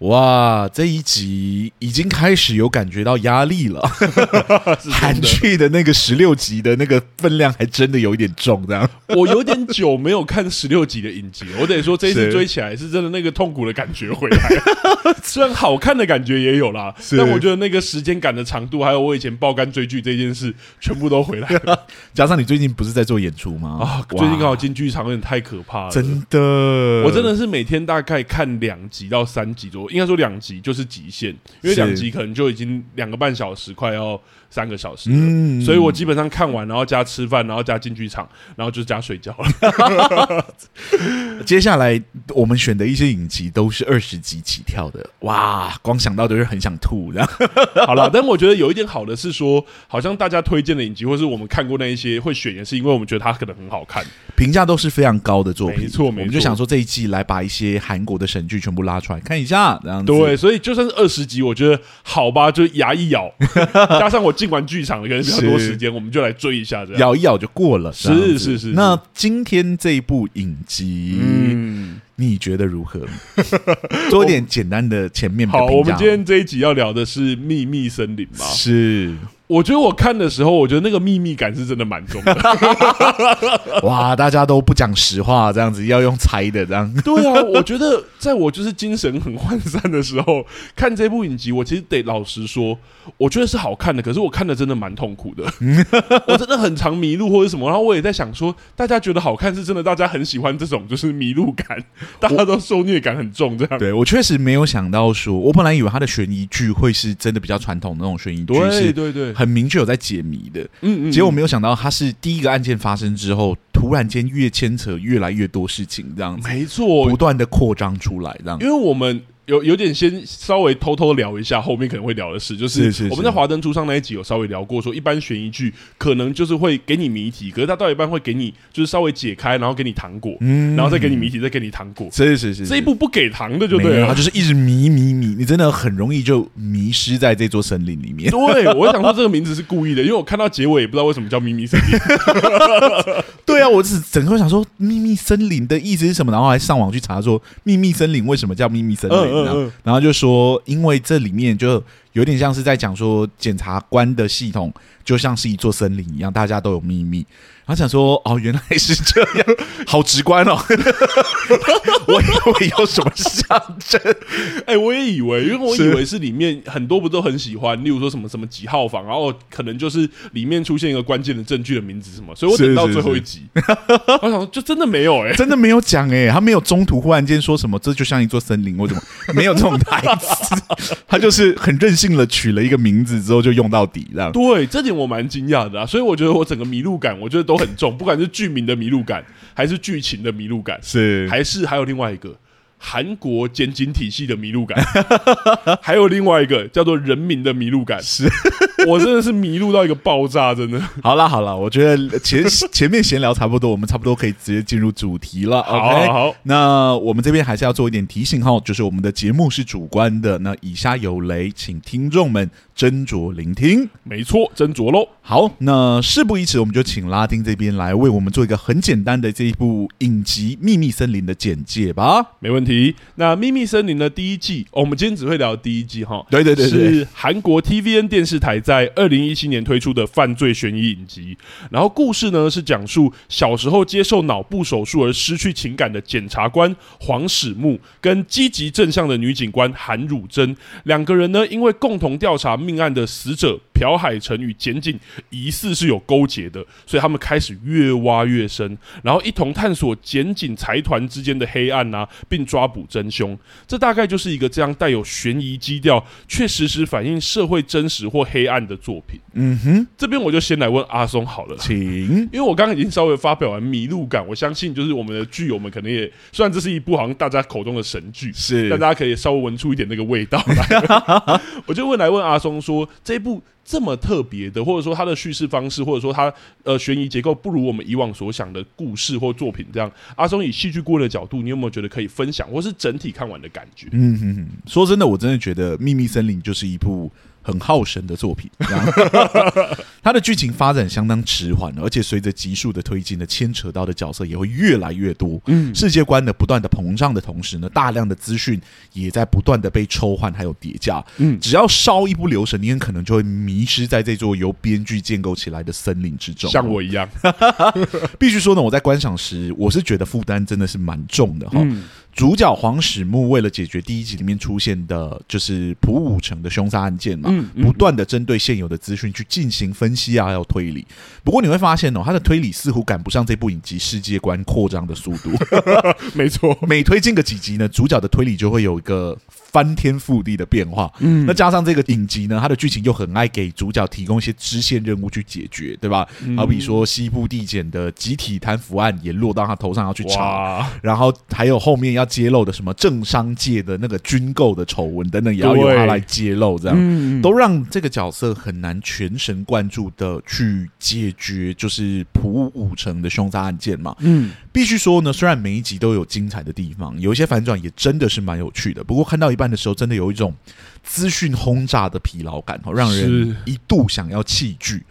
哇，這一集已經開始有感覺到壓力了。韓 劇的，的那個十六集的那個分量，還真的有一點重。這樣，我有點久沒有看十六集的影集了，我得說這一次追起來是真的那個痛苦的感覺回來了。雖然好看的感覺也有啦，但我覺得那個時間感的長度，還有我以前爆肝追劇這件事，全部都回來了。加上你最近不是在做演出嗎？啊，最近剛好進劇場有點太可怕了。真的，我真的是每天大概看兩集到三集多。應該說，兩集就是極限是，因為兩集可能就已經兩個半小時快要三個小時，嗯，所以我基本上看完，然後加吃飯，然後加進劇場，然後就是加睡覺了。 接下來我們選的一些影集都是二十集起跳的，哇，光想到都是很想吐，好了，但我覺得有一點好的是說，好像大家推薦的影集，或是我們看過那一些會選也是，因為我們覺得它可能很好看，評價都是非常高的作品。沒錯，沒錯，我們就想說這一季來把一些韓國的神劇全部拉出來看一下，這樣子，對，所以就算是二十集，我覺得好吧，就牙一咬，加上我今玩劇場的可能比較多時間，我們就來追一下，咬一咬就過了。是是是，是。那今天這一部影集，嗯、你覺得如何？說、 哦、點簡單的前面好。好，我們今天這一集要聊的是《秘密森林》嗎？是。我覺得我看的時候，我覺得那個秘密感是真的蠻重的。 哇，大家都不講實話，這樣子要用猜的這樣。對啊，我覺得在我就是精神很渙散的時候看這部影集，我其實得老實說，我覺得是好看的。可是我看的真的蠻痛苦的， 我真的很常迷路或者什麼。然後我也在想說，大家覺得好看是真的，大家很喜歡這種就是迷路感，大家都受虐感很重這樣。我，對，我確實沒有想到說，說我本來以為他的懸疑劇會是真的比較傳統的那種懸疑劇，對對對。很明確有在解謎的，嗯嗯、嗯，結果我沒有想到他是第一個案件發生之後，突然間越牽扯越來越多事情，這樣子，沒錯，不斷的擴張出來這樣，因為我們。有有點先稍微偷偷聊一下，後面可能會聊的事，就是，是，是，是我們在華燈初上那一集有稍微聊過，說一般懸疑劇可能就是會給你謎題，可是他到一半會給你就是稍微解開，然後給你糖果，嗯、然後再給你謎題，嗯、再給你糖果。是是是，是，這一部不給糖的就對了，他就是一直迷迷迷，你真的很容易就迷失在這座森林裡面。對，我會想說這個名字是故意的，因為我看到結尾也不知道為什麼叫秘密森林。 對啊，我只整個想說秘密森林的意思是什麼，然後還上網去查說秘密森林為什麼叫秘密森林。然後,然後就說，因為這裡面就。有點像是在講說，檢察官的系統就像是一座森林一樣，大家都有秘密。他想說，哦，原來是這樣，好直觀哦。我 我以為有什麼象徵，哎、欸，我也以為，因為我以為是裡面很多不都很喜歡，例如說什麼什麼幾號房，然後可能就是裡面出現一個關鍵的證據的名字什麼。所以我等到最後一集，是是是是，我想說，就真的沒有哎、欸，真的沒有講哎、欸，他沒有中途忽然間說什麼，這就像一座森林，我怎麼沒有這種台詞？他就是很任性。定了取了一個名字之後就用到底這樣。對，這點我蠻驚訝的啊，所以我覺得我整個迷路感，我覺得都很重，不管是劇名的迷路感，還是劇情的迷路感，是，還是還有另外一個。韓國檢警體系的迷路感， 還有另外一個叫做人民的迷路感，是我真的是迷路到一個爆炸，真的 好啦。好了好了，我覺得前前面閒聊差不多，我們差不多可以直接進入主題了。 okay, 好，好，好，那我們這邊還是要做一點提醒哈，就是我們的節目是主觀的，那以下有雷，請聽眾們斟酌聆聽。沒錯，斟酌嘍。好，那事不宜遲，我們就請拉丁這邊來為我們做一個很簡單的這一部影集《秘密森林》的簡介吧。沒問題。題那秘密森林的第一季，我們今天只會聊的第一季哈。對對對，是韓國 TVN 電視台在二零一七年推出的犯罪懸疑影集。然後故事呢是講述小時候接受腦部手術而失去情感的檢察官黃始木，跟積極正向的女警官韓汝珍兩個人呢，因為共同調查命案的死者，朴海城與檢警疑似是有勾結的，所以他們開始越挖越深，然後一同探索檢警財團之間的黑暗啊，並抓捕真兇。這大概就是一個這樣帶有懸疑基調，卻實時反映社會真實或黑暗的作品。嗯哼，這邊我就先來問阿松好了。請，因為我剛剛已經稍微發表完迷路感，我相信就是我們的劇友們可能也，雖然這是一部好像大家口中的神劇。是，但大家可以稍微聞出一點那個味道來。 我就問來問阿松說，這一部。這麼特別的，或者說它的敘事方式，或者說它呃懸疑結構不如我們以往所想的故事或作品這樣。阿松以戲劇顧問的角度，你有沒有覺得可以分享，或是整體看完的感覺？嗯哼哼，說真的，我真的覺得《秘密森林》就是一部。很耗神的作品，它的劇情發展相當遲緩了，而且隨着集數的推進呢，牽扯到的角色也會越來越多。嗯，世界觀的不斷的膨脹的同時呢，大量的資訊也在不斷的被抽換還有疊加。嗯，只要稍一不留神，你很可能就會迷失在這座由編劇建構起來的森林之中。像我一樣，必須說呢，我在觀賞時，我是覺得負擔真的是蠻重的哈。嗯主角黃始木為了解決第一集裡面出現的，就是朴武成的凶殺案件嘛，不斷的針對現有的資訊去進行分析啊，要推理。不過你會發現哦，他的推理似乎趕不上這部影集世界觀擴張的速度。 沒錯，每推進個幾集呢，主角的推理就會有一個。翻天覆地的變化。嗯，那加上這個影集呢，他的劇情又很愛給主角提供一些支線任務去解決，對吧？嗯、好比說西部地檢的集體貪腐案也落到他頭上要去查，然後還有後面要揭露的什麼政商界的那個軍購的醜聞等等，也要由他來揭露，這樣、嗯、都讓這個角色很難全神貫注的去解決，就是朴武成的兇殺案件嘛。嗯。必須說呢，雖然每一集都有精彩的地方，有一些反轉也真的是蠻有趣的。不過看到一半的時候，真的有一種資訊轟炸的疲勞感，哦，讓人一度想要棄劇。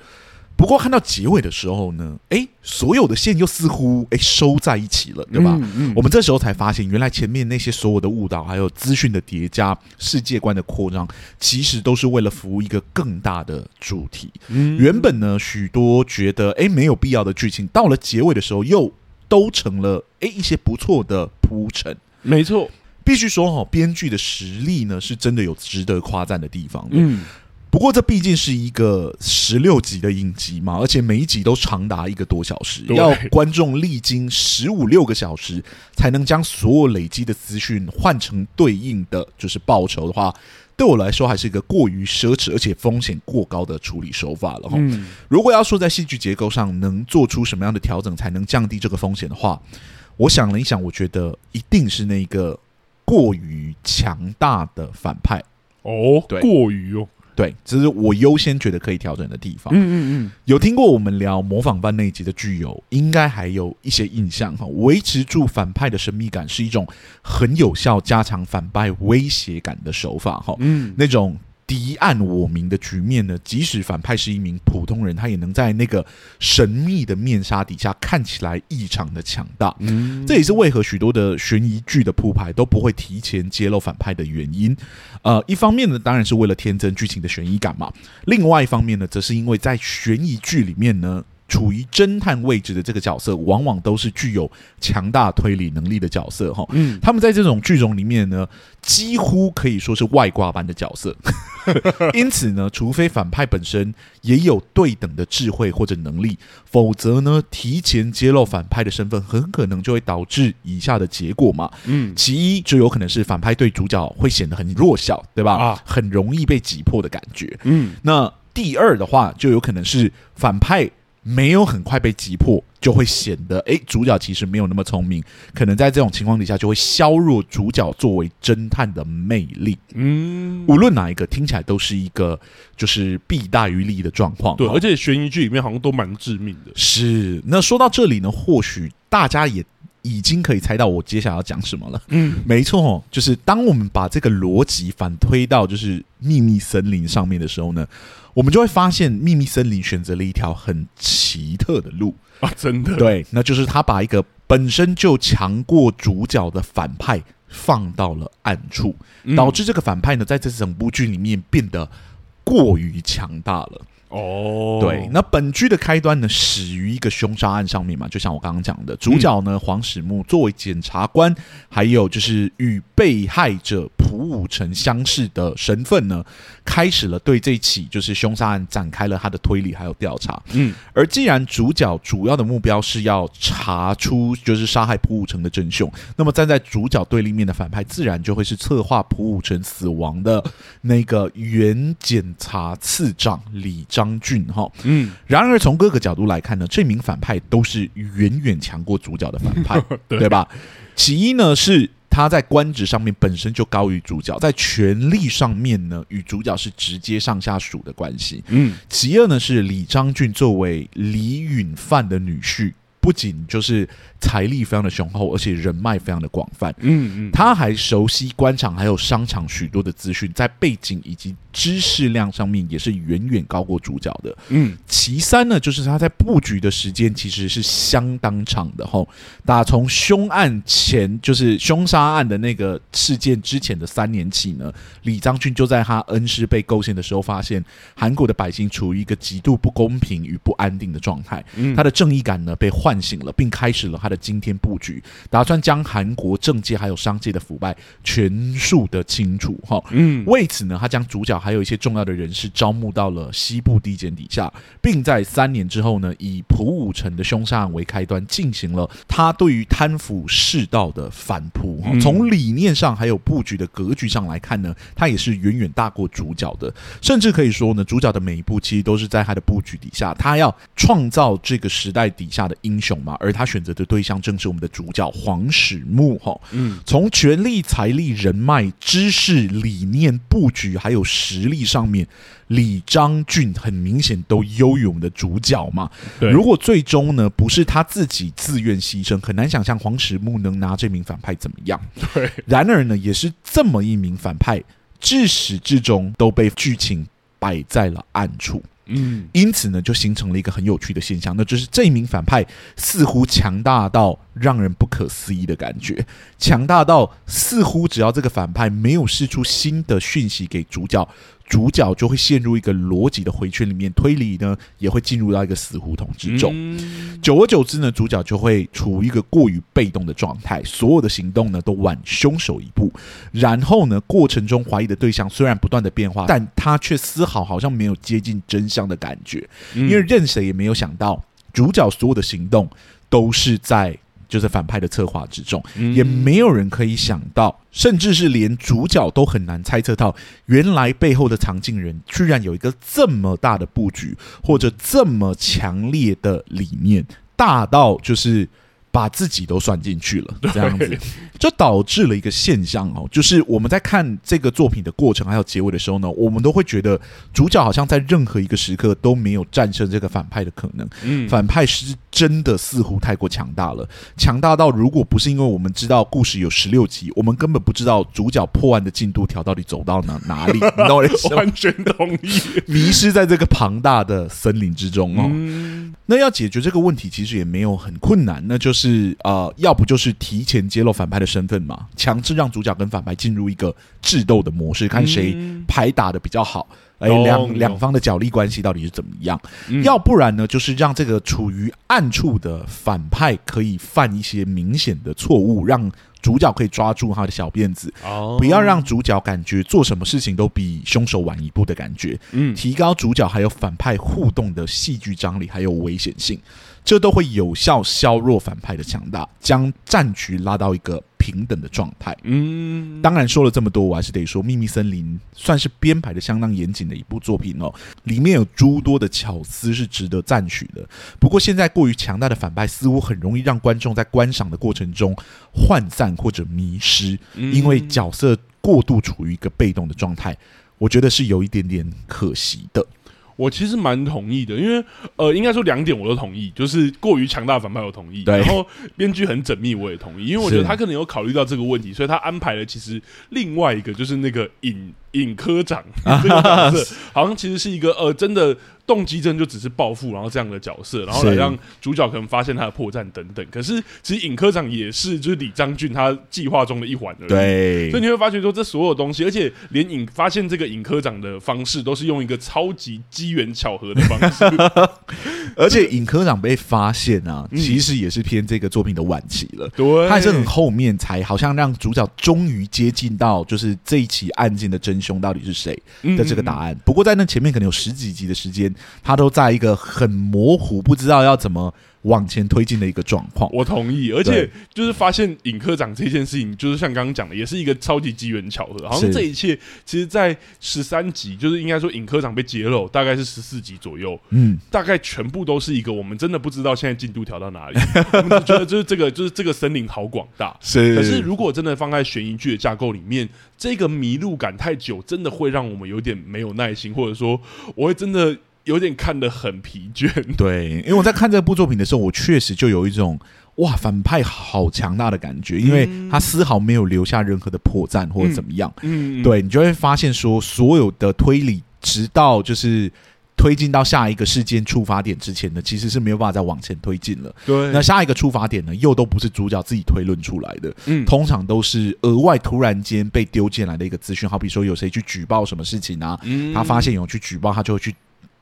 不過看到結尾的時候呢，哎、欸，所有的線又似乎哎、欸收在一起了，對吧？嗯嗯。我們這時候才發現，原來前面那些所有的誤導，還有資訊的疊加、世界觀的擴張，其實都是為了服務一個更大的主題。嗯。原本呢，許多覺得哎、欸，沒有必要的劇情，到了結尾的時候又。都成了誒、欸，一些不錯的鋪陳，沒錯，必須說好，編劇的實力呢，是真的有值得誇讚的地方的。嗯，不過這畢竟是一個十六集的影集嘛，而且每一集都長達一個多小時，要觀眾歷經十五六個小時，才能將所有累積的資訊換成對應的就是報酬的話。對我來說還是一個過於奢侈而且風險過高的處理手法了哈，嗯。如果要說在戲劇結構上能做出什麼樣的調整才能降低這個風險的話，我想了一想，我覺得一定是那個過於強大的反派哦，對，過於，哦。對，這是我優先覺得可以調整的地方。嗯嗯嗯，有聽過我們聊模仿犯那一集的劇友、哦，應該還有一些印象哈、哦。維持住反派的神秘感是一種很有效加強反派威脅感的手法哈、哦。嗯，那種。敵暗我明的局面呢，即使反派是一名普通人，他也能在那個神秘的面紗底下看起來異常的強大。嗯，這也是為何許多的懸疑劇的鋪排都不會提前揭露反派的原因。呃，一方面呢，當然是為了增添劇情的懸疑感嘛；另外一方面呢，則是因為在懸疑劇裡面呢。處於偵探位置的這個角色，往往都是具有強大推理能力的角色，哈，嗯，他們在這種劇種裡面呢，幾乎可以說是外掛般的角色。 因此呢，除非反派本身也有對等的智慧或者能力，否則呢，提前揭露反派的身份，很可能就會導致以下的結果嘛，嗯，其一就有可能是反派對主角會顯得很弱小，對吧？啊，很容易被擊破的感覺，嗯，那第二的話，就有可能是反派。沒有很快被擊破，就會顯得，誒，主角其實沒有那麼聰明，可能在這種情況底下就會削弱主角作為偵探的魅力。嗯，無論哪一個聽起來都是一個就是弊大於利的狀況。對，而且懸疑劇裡面好像都蠻致命的。是，那說到這裡呢，或許大家也。已經可以猜到我接下來要講什麼了。嗯，沒錯，就是當我們把這個邏輯反推到就是秘密森林上面的時候呢，我們就會發現秘密森林選擇了一條很奇特的路啊，真的對，那就是他把一個本身就強過主角的反派放到了暗處，導致這個反派呢，在這整部劇裡面變得過於強大了。哦、oh.，對，那本劇的開端呢，始於一個凶殺案上面嘛，就像我剛剛講的，主角呢、嗯、黃始木作為檢察官，還有就是與被害者朴武成相識的身份呢，開始了對這起就是凶殺案展開了他的推理還有調查。嗯，而既然主角主要的目標是要查出就是殺害朴武成的真凶，那麼站在主角對立面的反派自然就會是策劃朴武成死亡的那個原檢察次長李章張俊哈，嗯，然而從各個角度來看呢，這名反派都是遠遠強過主角的反派 對，對吧？其一呢，是他在官職上面本身就高於主角，在權力上面呢，與主角是直接上下屬的關係，嗯。其二呢，是李章俊作為李允范的女婿，不僅就是財力非常的雄厚，而且人脈非常的廣泛，嗯嗯，他還熟悉官場還有商場許多的資訊，在背景以及。知識量上面也是遠遠高過主角的，嗯，其三呢，就是他在布局的時間其實是相當長的吼，打從凶案前，就是凶殺案的那個事件之前的三年起呢，李章俊就在他恩師被構陷的時候，發現韓國的百姓處於一個極度不公平與不安定的狀態，他的正義感呢被喚醒了，並開始了他的今天布局，打算將韓國政界還有商界的腐敗全數的清除吼，嗯，為此呢，他將主角，還有一些重要的人士招募到了西部地檢底下，並在三年之後呢，以朴武成的凶殺案為開端，進行了他對於貪腐世道的反撲。從、嗯、理念上還有布局的格局上來看呢，他也是遠遠大過主角的，甚至可以說呢，主角的每一步其實都是在他的布局底下，他要創造這個時代底下的英雄嘛。而他選擇的對象正是我們的主角黃始木哈。嗯，從權力、財力、人脈、知識、理念、布局還有時。實力上面，李章俊很明顯都優於我們的主角嘛。對，如果最終呢不是他自己自願犧牲，很難想象黃始木能拿這名反派怎麼樣？對，然而呢也是這麼一名反派，至始至終都被劇情擺在了暗處。嗯，因此呢，就形成了一個很有趣的現象，那就是這一名反派似乎強大到讓人不可思議的感覺，強大到似乎只要這個反派沒有釋出新的訊息給主角，主角就會陷入一個邏輯的迴圈裡面，推理呢也會進入到一個死胡同之中。嗯。久而久之呢，主角就會處於一個過於被動的狀態，所有的行動呢都晚兇手一步。然後呢，過程中懷疑的對象雖然不斷的變化，但他卻絲毫好像沒有接近真相的感覺。嗯。因為任誰也沒有想到主角所有的行動都是在。就是反派的策劃之中，也沒有人可以想到，甚至是連主角都很難猜測到，原來背後的藏鏡人居然有一個這麼大的佈局，或者這麼強烈的理念，大到就是。把自己都算進去了，這樣子就導致了一個現象哦，就是我們在看這個作品的過程還有結尾的時候呢，我們都會覺得主角好像在任何一個時刻都沒有戰勝這個反派的可能。嗯，反派是真的似乎太過強大了，強大到如果不是因為我們知道故事有十六集，我們根本不知道主角破案的進度條到底走到哪哪裡？你懂我意思？完全同意，迷失在這個龐大的森林之中哦。那要解決這個問題其實也沒有很困難，那就是。是呃，要不就是提前揭露反派的身份嘛，強制讓主角跟反派進入一個智鬥的模式，看誰牌打得比較好，哎、嗯，兩、欸、兩、哦、兩方的角力關係到底是怎麼樣、嗯？要不然呢，就是讓這個處於暗處的反派可以犯一些明顯的錯誤，讓主角可以抓住他的小辮子哦，不要讓主角感覺做什麼事情都比凶手晚一步的感覺，嗯，提高主角還有反派互動的戲劇張力還有危險性。這都會有效削弱反派的強大，將戰局拉到一個平等的狀態。嗯，當然說了這麼多，我還是得說，《秘密森林》算是編排的相當嚴謹的一部作品哦，裡面有諸多的巧思是值得讚許的。不過，現在過於強大的反派似乎很容易讓觀眾在觀賞的過程中渙散或者迷失，因為角色過度處於一個被動的狀態，我覺得是有一點點可惜的。我其實蠻同意的，因為呃，應該說兩點我都同意，就是過於強大的反派我同意，然後編劇很縝密我也同意，因為我覺得他可能有考慮到這個問題，所以他安排了其實另外一個就是那個尹尹科長尹科長這個角色 好像其實是一個呃真的。動機真的就只是報復，然後這樣的角色，然後來讓主角可能發現他的破綻等等。可是其實尹科長也是，就是李章俊他計劃中的一環而已。對，所以你會發現說，這所有東西，而且連尹發現這個尹科長的方式，都是用一個超級機緣巧合的方式。 而且尹科長被發現啊、嗯，其實也是偏這個作品的晚期了。對，他還是很後面才好像讓主角終於接近到，就是這一起案件的真凶到底是誰的這個答案嗯嗯嗯。不過在那前面可能有十幾集的時間，他都在一個很模糊，不知道要怎麼往前推進的一個狀況。我同意，而且就是發現尹科長這件事情，就是像剛剛講的，也是一個超級機緣巧合。好像這一切，其實，在十三集，就是應該說尹科長被揭露，大概是十四集左右。嗯，大概全部都是一個我們真的不知道現在進度調到哪裡。我們覺得就是這個，就是這個森林好廣大。可是如果真的放在懸疑劇的架構裡面，這個迷路感太久，真的會讓我們有點沒有耐心，或者說我會真的。有點看得很疲倦，對，因為我在看這部作品的時候，我確實就有一種哇，反派好強大的感覺，因為他絲毫沒有留下任何的破綻或者怎麼樣。嗯，嗯嗯對，你就會發現說，所有的推理直到就是推進到下一個事件出發點之前的，其實是沒有辦法再往前推進了。對，那下一個出發點呢，又都不是主角自己推論出來的。嗯，通常都是額外突然間被丟進來的一個資訊，好比說有誰去舉報什麼事情啊。嗯，他發現有人去舉報，他就會去。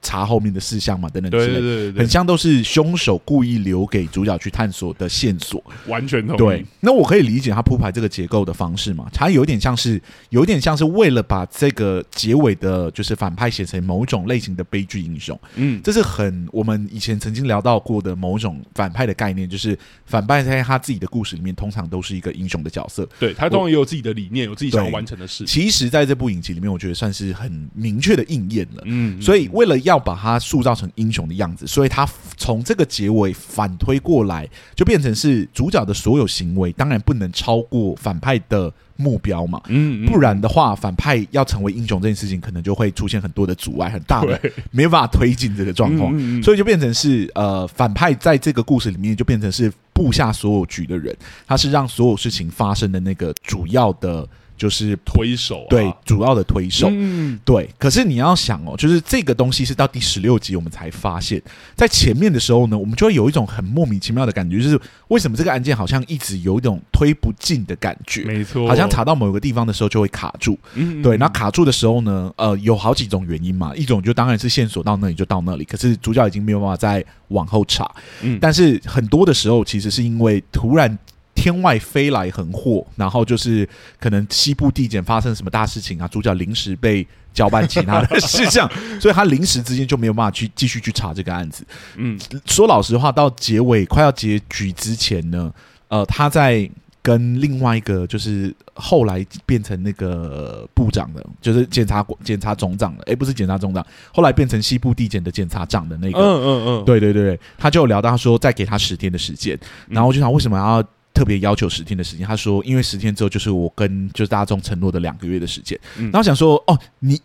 查後面的事項嘛，等等之類，很像都是兇手故意留給主角去探索的線索。 完全同意。對，那我可以理解他鋪排這個結構的方式嘛，他有點像是，有點像是為了把這個結尾的，就是反派寫成某種類型的悲劇英雄。嗯，這是很我們以前曾經聊到過的某種反派的概念，就是反派在他自己的故事裡面通常都是一個英雄的角色。對，他通常也有自己的理念，有自己想要完成的事。其實，在這部影集裡面，我覺得算是很明確的應驗了。嗯，嗯，所以為了要。要把他塑造成英雄的樣子，所以他從這個結尾反推過來，就變成是主角的所有行為，當然不能超過反派的目標嘛。嗯，嗯，不然的話，反派要成為英雄這件事情，可能就會出現很多的阻礙，很大的，對，沒辦法推進這個狀況，嗯嗯嗯。所以就變成是呃，反派在這個故事裡面就變成是布下所有局的人，他是讓所有事情發生的那個主要的。就是推手，啊、對，主要的推手，嗯，對。可是你要想哦，就是這個東西是到第十六集我們才發現，在前面的時候呢，我們就會有一種很莫名其妙的感覺，就是為什麼這個案件好像一直有一種推不進的感覺？沒錯，好像查到某個地方的時候就會卡住。嗯嗯，對。那卡住的時候呢，呃，有好幾種原因嘛，一種就當然是線索到那裡就到那裡，可是主角已經沒有辦法再往後查。嗯，但是很多的時候其實是因為突然。天外飛來橫禍，然後就是可能西部地檢發生什麼大事情啊？主角臨時被交辦其他的事項， 所以他臨時之間就沒有辦法去繼續去查這個案子。嗯，說老實話，到結尾快要結局之前呢，呃，他在跟另外一個就是後來變成那個部長的，就是檢察檢察總長的，誒、欸，不是檢察總長，後來變成西部地檢的檢察長的那個，嗯嗯嗯，對對對，他就聊到他說再給他十天的時間，然後我就想為什麼要？特別要求十天的時間，他說，因為十天之後就是我跟就是大眾承諾的兩個月的時間，嗯、然後我想說，哦，你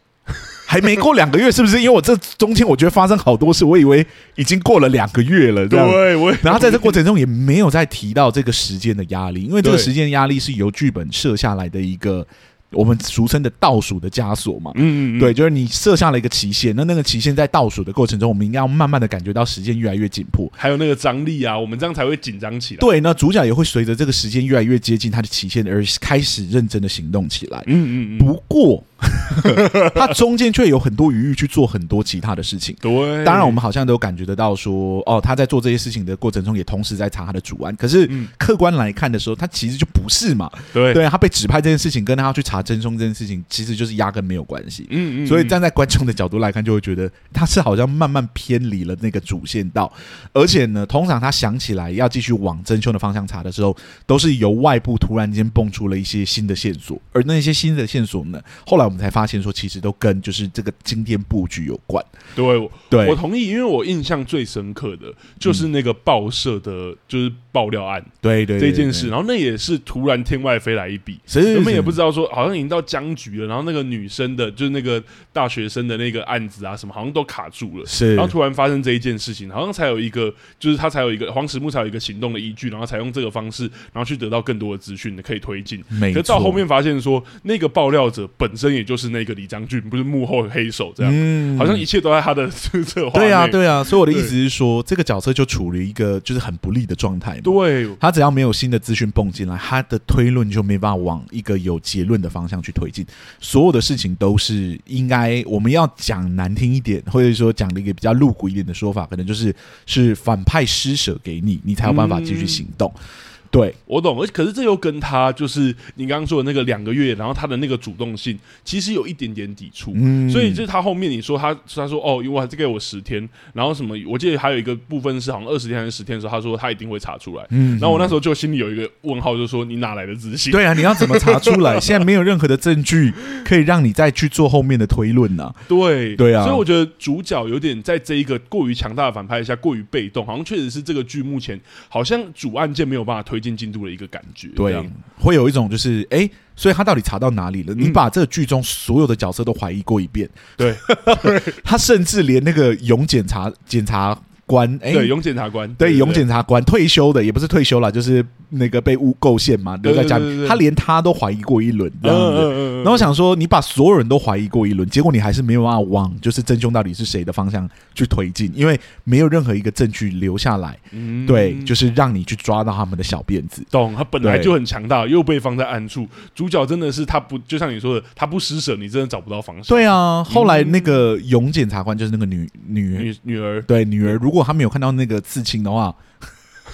還沒過兩個月，是不是？ 因為我這中間我覺得發生好多事，我以為已經過了兩個月了，對吧？對，然後在這過程中也沒有再提到這個時間的壓力，因為這個時間壓力是由劇本設下來的一個。我們俗稱的倒數的枷鎖嘛，嗯嗯，嗯，對，就是你設下了一個期限，那那個期限在倒數的過程中，我們應該要慢慢的感覺到時間越來越緊迫，還有那個張力啊，我們這樣才會緊張起來。對，那主角也會隨着這個時間越來越接近他的期限而開始認真的行動起來。嗯嗯嗯，嗯，不過。 他中間卻有很多餘裕去做很多其他的事情。對，當然我們好像都感覺得到說，哦，他在做這些事情的過程中，也同時在查他的主案。可是客觀來看的時候，他其實就不是嘛。對，對，他被指派這件事情，跟他要去查真凶這件事情，其實就是壓根沒有關係。嗯嗯。所以站在觀眾的角度來看，就會覺得他是好像慢慢偏離了那個主線道。而且呢，通常他想起來要繼續往真凶的方向查的時候，都是由外部突然間蹦出了一些新的線索。而那些新的線索呢，後來。我們才發現，說其實都跟就是這個今天布局有關對我。對，我同意，因為我印象最深刻的就是那個報社的，嗯、就是。爆料案，對對，對對這件事，然後那也是突然天外飛來一筆，誰也不知道說好像已經到僵局了。然後那個女生的，就是那個大學生的那個案子啊，什麼好像都卡住了。是，然後突然發生這一件事情，好像才有一個，就是他才有一個黃石木才有一個行動的依據，然後採用這個方式，然後去得到更多的資訊，可以推進。可是，到後面發現說那個爆料者本身也就是那個李章俊，不是幕後黑手這樣，嗯，好像一切都在他的策劃。 對啊，對啊。啊、所以我的意思是說，這個角色就處於一個就是很不利的狀態。對，他只要沒有新的資訊蹦進來，他的推論就沒辦法往一個有結論的方向去推進。所有的事情都是應該我們要講難聽一點，或者說講一個比較露骨一點的說法，可能就是是反派施捨給你，你才有辦法繼續行動。嗯對我懂，而且可是這又跟他就是你剛剛說的那個兩個月，然後他的那個主動性其實有一點點抵觸，嗯，所以就是他後面你說他他說哦，因為這給我十天，然後什麼？我記得還有一個部分是好像二十天還是十天的時候，他說他一定會查出來，嗯，然後我那時候就心裡有一個問號就，就是說你哪來的自信？對啊，你要怎麼查出來？ 現在沒有任何的證據可以讓你再去做後面的推論啊，對對啊，所以我覺得主角有點在這一個過於強大的反派下過於被動，好像確實是這個劇目前好像主案件沒有辦法推。推進進度的一個感覺，對，會有一種就是，哎、欸，所以他到底查到哪裡了？嗯、你把這個劇中所有的角色都懷疑過一遍，對 他，甚至連那個勇檢查檢查。官哎，對，永檢察官，對，永檢察官退休的也不是退休了，就是那個被誣構陷嘛，對對對對對留在家裡。他連他都懷疑過一輪，嗯嗯、然後我想說你把所有人都懷疑過一輪，結果你還是沒有辦法往就是真凶到底是誰的方向去推進，因為沒有任何一個證據留下來、嗯，對，就是讓你去抓到他們的小辮子。懂，他本來就很強大，又被放在暗處。主角真的是他不，就像你說的，他不施捨，你真的找不到方向。對啊，嗯、後來那個永檢察官就是那個女女女女兒，對，女兒，對，如果。如果他沒有看到那個刺青的話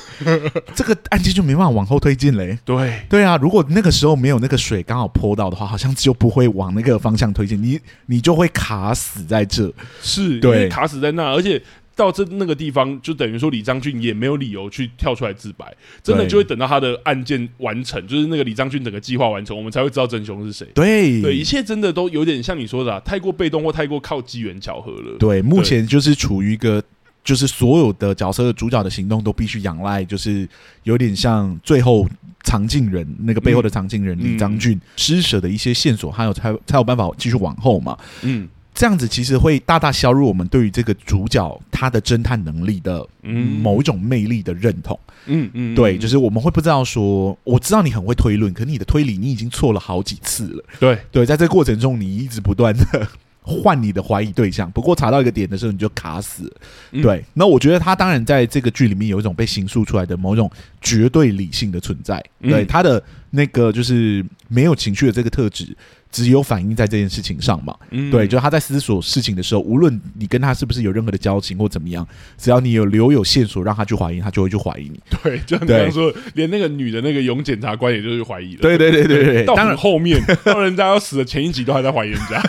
這個案件就沒辦法往後推進嘞。對對啊，如果那個時候沒有那個水剛好潑到的話，好像就不會往那個方向推進，你你就會卡死在這，是卡死在那，而且到這那個地方，就等於說李章俊也沒有理由去跳出來自白，真的就會等到他的案件完成，就是那個李章俊整個計劃完成，我們才會知道真凶是誰。對對，一切真的都有點像你說的啊，太過被動或太過靠機緣巧合了對。對，目前就是處於一個。就是所有的角色的主角的行動都必須仰賴，就是有點像最後藏鏡人、那個背後的藏鏡人李章俊，施舍的一些線索，還有才才有辦法繼續往後嘛。嗯，這樣子其實會大大削弱我們對於這個主角他的偵探能力的某一種魅力的認同。嗯嗯，對，就是我們會不知道說，我知道你很會推論，可是你的推理你已經錯了好幾次了。對對，在這個過程中你一直不斷的。 換你的懷疑對象，不過查到一個點的時候你就卡死了，嗯。對，那我覺得他當然在這個劇裡面有一種被形塑出來的某種絕對理性的存在，嗯。對，他的那個就是沒有情緒的這個特質。只有反映在這件事情上嘛，嗯，嗯對，就他在思索事情的時候，無論你跟他是不是有任何的交情或怎麼樣，只要你有留有線索讓他去懷疑，他就會去懷疑你。對，就很難說，連那個女的那個永檢察官也就是懷疑了。對對對對對，對，對，到你後面當到人家要死的 前一集都還在懷疑人家，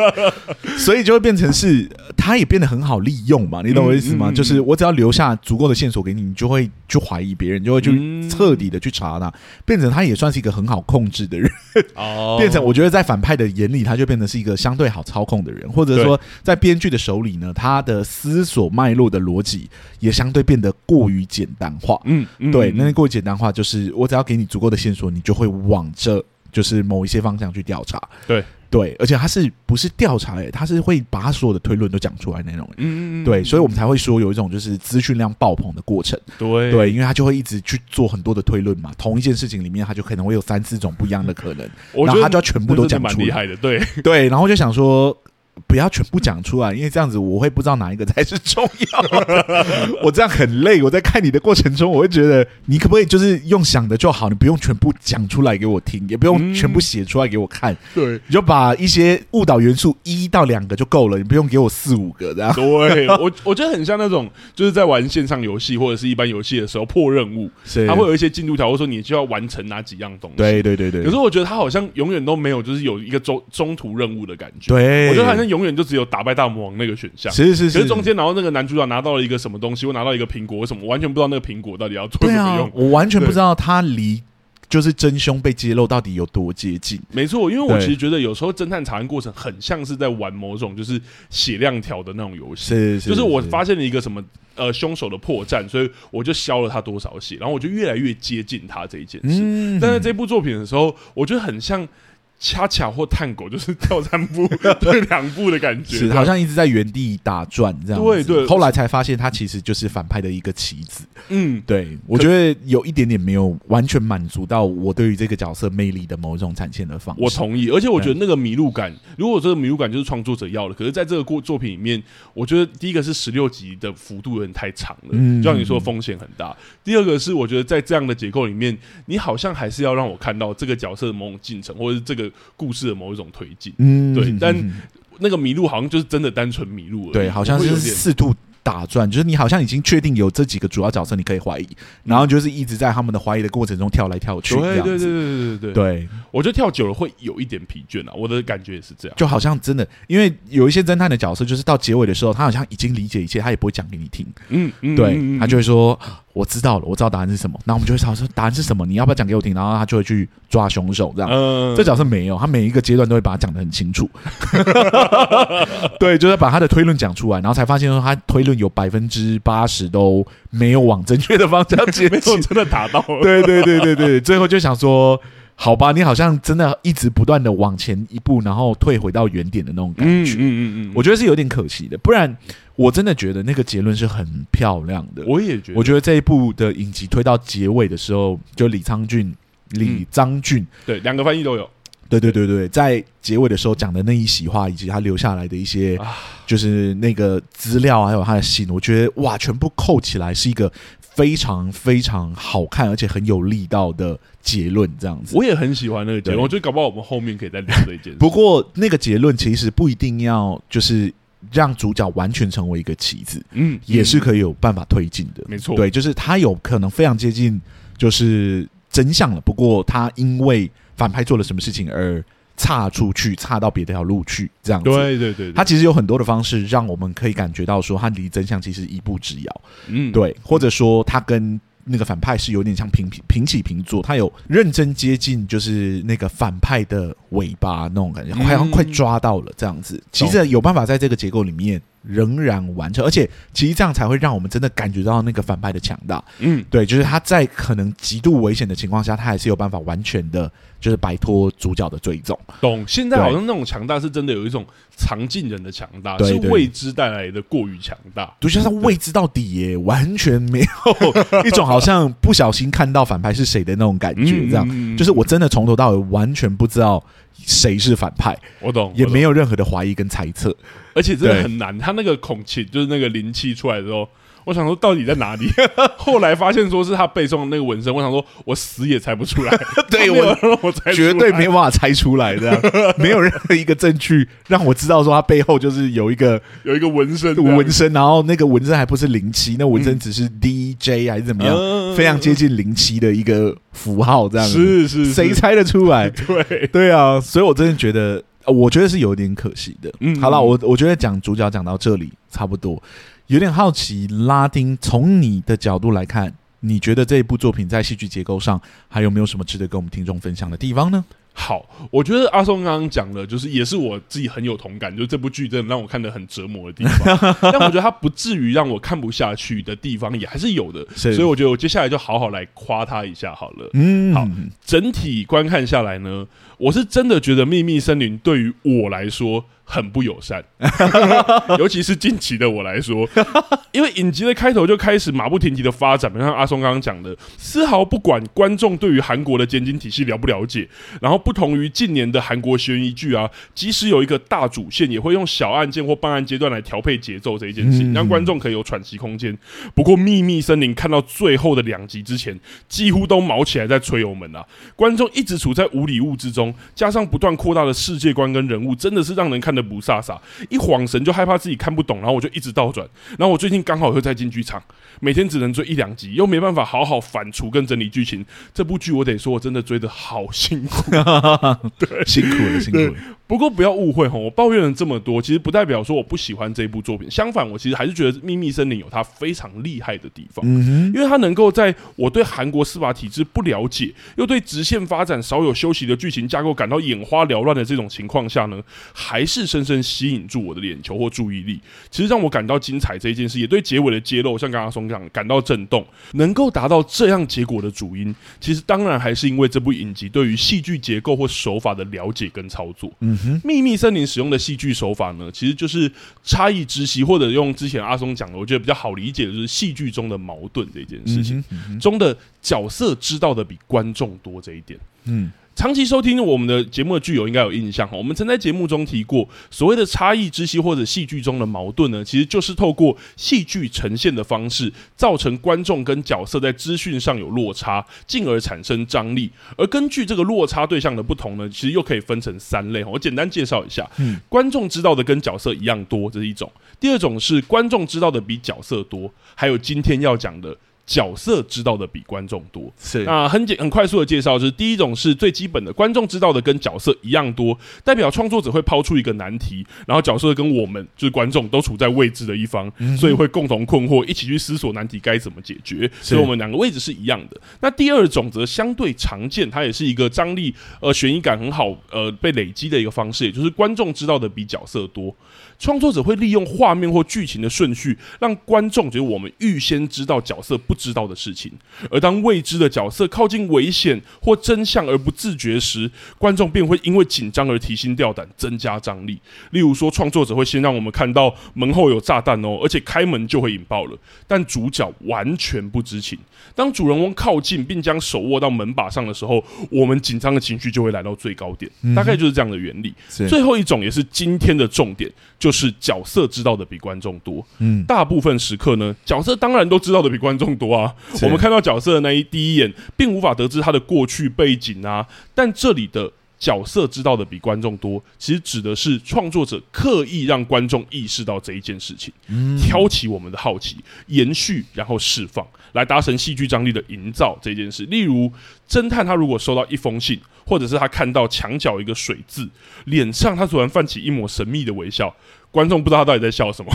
所以就會變成是。他也變得很好利用嘛，你懂我意思嗎？嗯嗯、就是我只要留下足夠的線索給你，你就會去懷疑別人，就會去徹底的去查他，變成他也算是一個很好控制的人。 oh. 變成我覺得在反派的眼裡，他就變成是一個相對好操控的人，或者說在編劇的手裡呢，他的思索脈絡的邏輯也相對變得過於簡單化。嗯，嗯對，那過於簡單化就是我只要給你足夠的線索，你就會往這就是某一些方向去調查。對。對，而且他是不是調查誒、欸？他是會把所有的推論都講出來那種、欸。嗯嗯嗯。對，所以我們才會說有一種就是資訊量爆棚的過程。對對，因為他就會一直去做很多的推論嘛。同一件事情裡面，他就可能會有三四種不一樣的可能， 然後他就要全部都講出來。對對。然後就想說。 不要全部講出來，因為這樣子我會不知道哪一個才是重要的。 我這樣很累。我在看你的過程中，我會覺得你可不可以就是用想的就好，你不用全部講出來給我聽，也不用全部寫出來給我看。嗯，對，你就把一些誤導元素一到兩個就夠了，你不用給我四五個這樣。對，我，我覺得很像那種就是在玩線上遊戲或者是一般遊戲的時候破任務，是，它會有一些進度條，或者說你就要完成哪幾樣東西。對對對對。有時候我覺得他好像永遠都沒有，就是有一個中中途任務的感覺。對，我覺得好像。永遠就只有打敗大魔王那個選項，其實其是可是中間，然後那個男主角拿到了一個什麼東西，我拿到一個蘋果，什麼我完全不知道那個蘋果到底要做什麼用，我完全不知道、對啊、不知道他離就是真凶被揭露到底有多接近。沒錯，因為我其實覺得有時候偵探查案過程很像是在玩某種就是血量條的那種遊戲，就是我發現了一個什麼呃凶手的破綻，所以我就消了他多少血，然後我就越來越接近他這一件事。嗯、但在這部作品的時候，嗯、我覺得很像。恰恰或探狗就是跳三步兩 步的感覺是，好像一直在原地打轉這樣。對對，後來才發現他其實就是反派的一個棋子。嗯，對我覺得有一點點沒有完全滿足到我對於這個角色魅力的某一種展現的方式。我同意，而且我覺得那個迷路感，如果這個迷路感就是創作者要的，可是在這個過作品裡面，我覺得第一個是十六集的幅度有點太長了，嗯，就像你說風險很大。第二個是我覺得在這樣的結構裡面，你好像還是要讓我看到這個角色的某種進程，或者是這個。故事的某一種推進，嗯，對，但那個迷路好像就是真的單純迷路而已，對，好像是四度打轉，就是你好像已經確定有這幾個主要角色，你可以懷疑，然後就是一直在他們的懷疑的過程中跳來跳去，對對對對對對，對我覺得跳久了會有一點疲倦啊，我的感覺也是這樣，就好像真的，因為有一些偵探的角色，就是到結尾的時候，他好像已經理解一切，他也不會講給你聽，嗯，對，嗯嗯嗯嗯他就會說。我知道了，我知道答案是什麼，然後我們就會想說答案是什麼，你要不要講給我聽？然後他就會去抓凶手這樣，嗯、這假設沒有，他每一個階段都會把它講得很清楚。 對，就是把他的推論講出來，然後才發現說他推論有百分之八十都沒有往正確的方向接近，沒真的達到了。對對對對對，最後就想說。好吧，你好像真的一直不斷的往前一步，然後退回到原點的那種感覺，嗯嗯嗯，嗯，我覺得是有點可惜的，不然我真的覺得那個結論是很漂亮的。我也覺得，我覺得這一部的影集推到結尾的時候，就李昌俊、李張俊、嗯，對，兩個翻譯都有。對對對對，在結尾的時候講的那一席話，以及他留下來的一些，就是那個資料還有他的信，啊、我覺得哇，全部扣起來是一個非常非常好看，而且很有力道的結論，這樣子。我也很喜歡那個結論，我覺得搞不好我們後面可以再聊這一件事。不過那個結論其實不一定要就是讓主角完全成為一個棋子，嗯，是，也是可以有辦法推進的，沒錯。對，就是他有可能非常接近就是真相了，不過他因為，反派做了什麼事情而岔出去，岔到別的條路去，這樣子。對對對，對，他其實有很多的方式，讓我們可以感覺到說，他離真相其實一步之遙。嗯，對，或者說他跟那個反派是有點像平平平起平坐，他有認真接近，就是那個反派的尾巴那種感覺，然後好像快抓到了，嗯，這樣子。其實有辦法在這個結構裡面。仍然完成，而且其實這樣才會讓我們真的感覺到那個反派的強大。嗯，對，就是他在可能極度危險的情況下，他還是有辦法完全的，就是擺脫主角的追蹤。懂？現在好像那種強大是真的有一種常進人的強大。對，是未知帶來的過於強大。對,對,對，他是未知到底耶，完全沒有一種好像不小心看到反派是誰的那種感覺。這樣嗯嗯嗯嗯，就是我真的從頭到尾完全不知道。誰是反派？我懂，也沒有任何的懷疑跟猜測，而且真的很難。他那個恐懼，就是那個靈氣出來的時候。我想說，到底在哪裡？ 後來發現說是他背上的那個紋身。我想說，我死也猜不出來。 對我，我，絕對沒有辦法猜出來這樣，沒有任何一個證據讓我知道說他背後就是有一個 有一個紋身，紋身，然後那個紋身還不是零七，那紋身只是 DJ 還是怎麼樣，嗯、非常接近零七的一個符號，這樣子，嗯、是，是是，誰猜得出來？對對啊，所以我真的覺得，我覺得是有點可惜的。嗯，嗯，好啦，我我覺得講主角講到這裡差不多。有點好奇，拉丁從你的角度來看，你覺得這一部作品在戲劇結構上還有沒有什麼值得跟我們聽眾分享的地方呢？好，我覺得阿松剛剛講的，就是也是我自己很有同感，就是這部劇真的讓我看得很折磨的地方， 但我覺得它不至於讓我看不下去的地方也還是有的，所以我覺得我接下來就好好來誇它一下好了。嗯，好，整體觀看下來呢，我是真的覺得《祕密森林》對於我來說。很不友善， 尤其是近期的我來說，因為影集的開頭就開始馬不停蹄的發展，像阿松剛剛講的，絲毫不管觀眾對於韓國的檢警體系了不了解。然後，不同於近年的韓國懸疑劇啊，即使有一個大主線，也會用小案件或辦案階段來調配節奏這一件事情，讓觀眾可以有喘息空間。不過，《秘密森林》看到最後的兩集之前，幾乎都卯起來在催油門啊。觀眾一直處在五里霧之中，加上不斷擴大的世界觀跟人物，真的是讓人看。不颯颯，一晃神就害怕自己看不懂，然後我就一直倒轉。然後我最近剛好又在進劇場，每天只能追一兩集，又沒辦法好好反芻跟整理劇情。這部劇我得說，我真的追得好辛苦，對，辛苦了，辛苦了。不過不要誤會齁，我抱怨了這麼多，其實不代表說我不喜歡這部作品。相反，我其實還是覺得《祕密森林》有它非常厲害的地方，因為它能夠在我對韓國司法體制不了解，又對直線發展少有休息的劇情架構感到眼花繚亂的這種情況下呢，還是深深吸引住我的眼球或注意力。其實讓我感到精彩這一件事，也對結尾的揭露，像剛剛松講感到震動。能夠達到這樣結果的主因，其實當然還是因為這部影集對於戲劇結構或手法的了解跟操作。嗯秘密森林使用的戲劇手法呢，其實就是差異之息，或者用之前阿松講的，我覺得比較好理解的就是戲劇中的矛盾這件事情中的角色知道的比觀眾多這一點。嗯。長期收聽我們的節目的劇友應該有印象哈，我們曾在節目中提過，所謂的差異之息或者戲劇中的矛盾呢，其實就是透過戲劇呈現的方式，造成觀眾跟角色在資訊上有落差，進而產生張力。而根據這個落差對象的不同呢，其實又可以分成三類。我簡單介紹一下：觀眾知道的跟角色一樣多，這是一種；第二種是觀眾知道的比角色多，還有今天要講的。角色知道的比觀眾多，是啊，那很簡很快速的介紹，就是第一種是最基本的，觀眾知道的跟角色一樣多，代表創作者會拋出一個難題，然後角色跟我們就是觀眾都處在未知的一方，嗯，所以會共同困惑，一起去思索難題該怎麼解決，所以我們兩個位置是一樣的。那第二種則相對常見，它也是一個張力呃懸疑感很好呃被累積的一個方式，也就是觀眾知道的比角色多，創作者會利用畫面或劇情的順序，讓觀眾覺得我們預先知道角色不。知道的事情，而當未知的角色靠近危險或真相而不自覺時，觀眾便會因為緊張而提心吊膽，增加張力。例如說，創作者會先讓我們看到門後有炸彈哦，而且開門就會引爆了，但主角完全不知情。當主人翁靠近並將手握到門把上的時候，我們緊張的情緒就會來到最高點，大概就是這樣的原理。最後一種也是今天的重點，就是角色知道的比觀眾多。嗯，大部分時刻呢，角色當然都知道的比觀眾多。哇！我們看到角色的那一第一眼，並無法得知他的過去背景啊。但這裡的角色知道的比觀眾多，其實指的是創作者刻意讓觀眾意識到這一件事情，嗯，挑起我們的好奇，延續然後釋放，來達成戲劇張力的營造這件事。例如，偵探他如果收到一封信，或者是他看到牆角一個水漬，臉上他突然泛起一抹神秘的微笑。觀眾不知道他到底在笑什麼，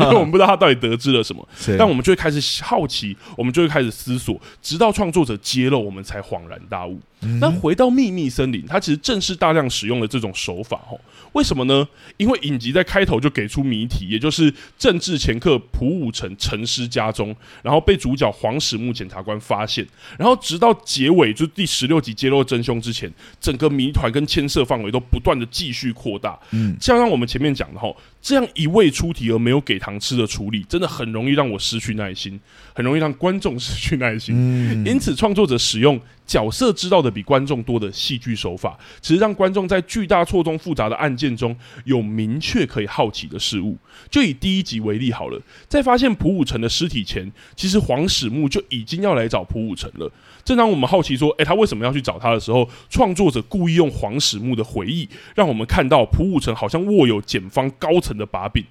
因為我們不知道他到底得知了什麼，但我們就會開始好奇，我們就會開始思索，直到創作者揭露，我們才恍然大悟。那回到秘密森林，它其實正是大量使用了這種手法，哦，為什麼呢？因為影集在開頭就給出謎題，也就是政治掮客朴武成陳屍家中，然後被主角黃始木檢察官發現，然後直到結尾，就第十六集揭露的真兇之前，整個謎團跟牽涉範圍都不斷的繼續擴大，嗯，像我們前面講的吼。這樣一味出題而沒有給糖吃的處理，真的很容易讓我失去耐心。很容易讓觀眾失去耐心，因此創作者使用角色知道的比觀眾多的戲劇手法，只是讓觀眾在巨大錯綜複雜的案件中有明確可以好奇的事物。就以第一集為例好了，在發現朴武成的屍體前，其實黃始木就已經要來找朴武成了。正當我們好奇說，哎，他為什麼要去找他的時候，創作者故意用黃始木的回憶，讓我們看到朴武成好像握有檢方高層的把柄。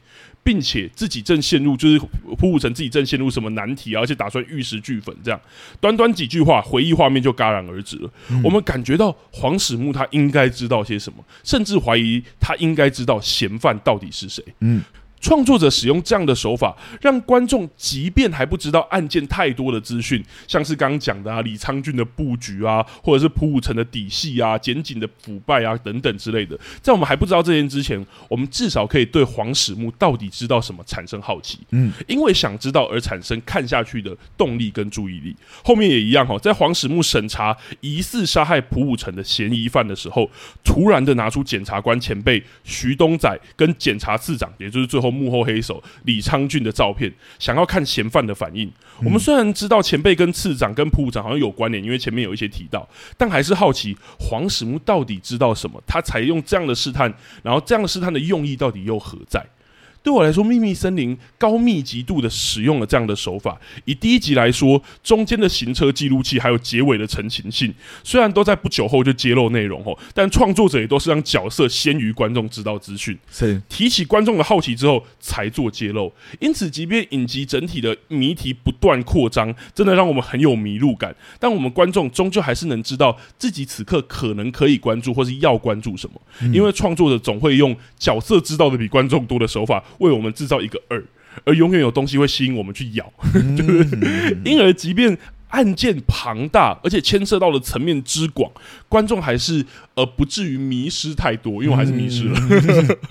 並且自己正陷入，就是朴武成自己正陷入什麼難題啊，而且打算玉石俱焚這樣。短短幾句話，回憶畫面就戛然而止了。嗯。我們感覺到黃始木他應該知道些什麼，甚至懷疑他應該知道嫌犯到底是誰。嗯。創作者使用這樣的手法，讓觀眾即便還不知道案件太多的資訊，像是剛剛講的啊李昌俊的布局啊，或者是朴武成的底細啊、檢警的腐敗啊等等之類的，在我們還不知道這些之前，我們至少可以對黃始木到底知道什麼產生好奇，嗯，因為想知道而產生看下去的動力跟注意力。後面也一樣哈，哦，在黃始木審查疑似殺害朴武成的嫌疑犯的時候，突然的拿出檢察官前輩徐東宰跟檢察次長，也就是最後。幕後黑手李昌俊的照片，想要看嫌犯的反應。我們雖然知道前輩跟次長跟部長好像有關聯，因為前面有一些提到，但還是好奇黃始木到底知道什麼，他採用這樣的試探，然後這樣的試探的用意到底又何在？對我來說，《秘密森林》高密集度的使用了這樣的手法。以第一集來說，中間的行車記錄器，還有結尾的陳情信，雖然都在不久後就揭露內容哦，但創作者也都是讓角色先於觀眾知道資訊。是提起觀眾的好奇之後才做揭露。因此，即便影集整體的謎題不斷擴張，真的讓我們很有迷路感，但我們觀眾終究還是能知道自己此刻可能可以關注或是要關注什麼，因為創作者總會用角色知道的比觀眾多的手法。為我們制造一個餌，而永遠有東西會吸引我們去咬、嗯 對不對，因而即便案件龐大，而且牽涉到了層面之廣，觀眾還是呃不至於迷失太多，因為我還是迷失了、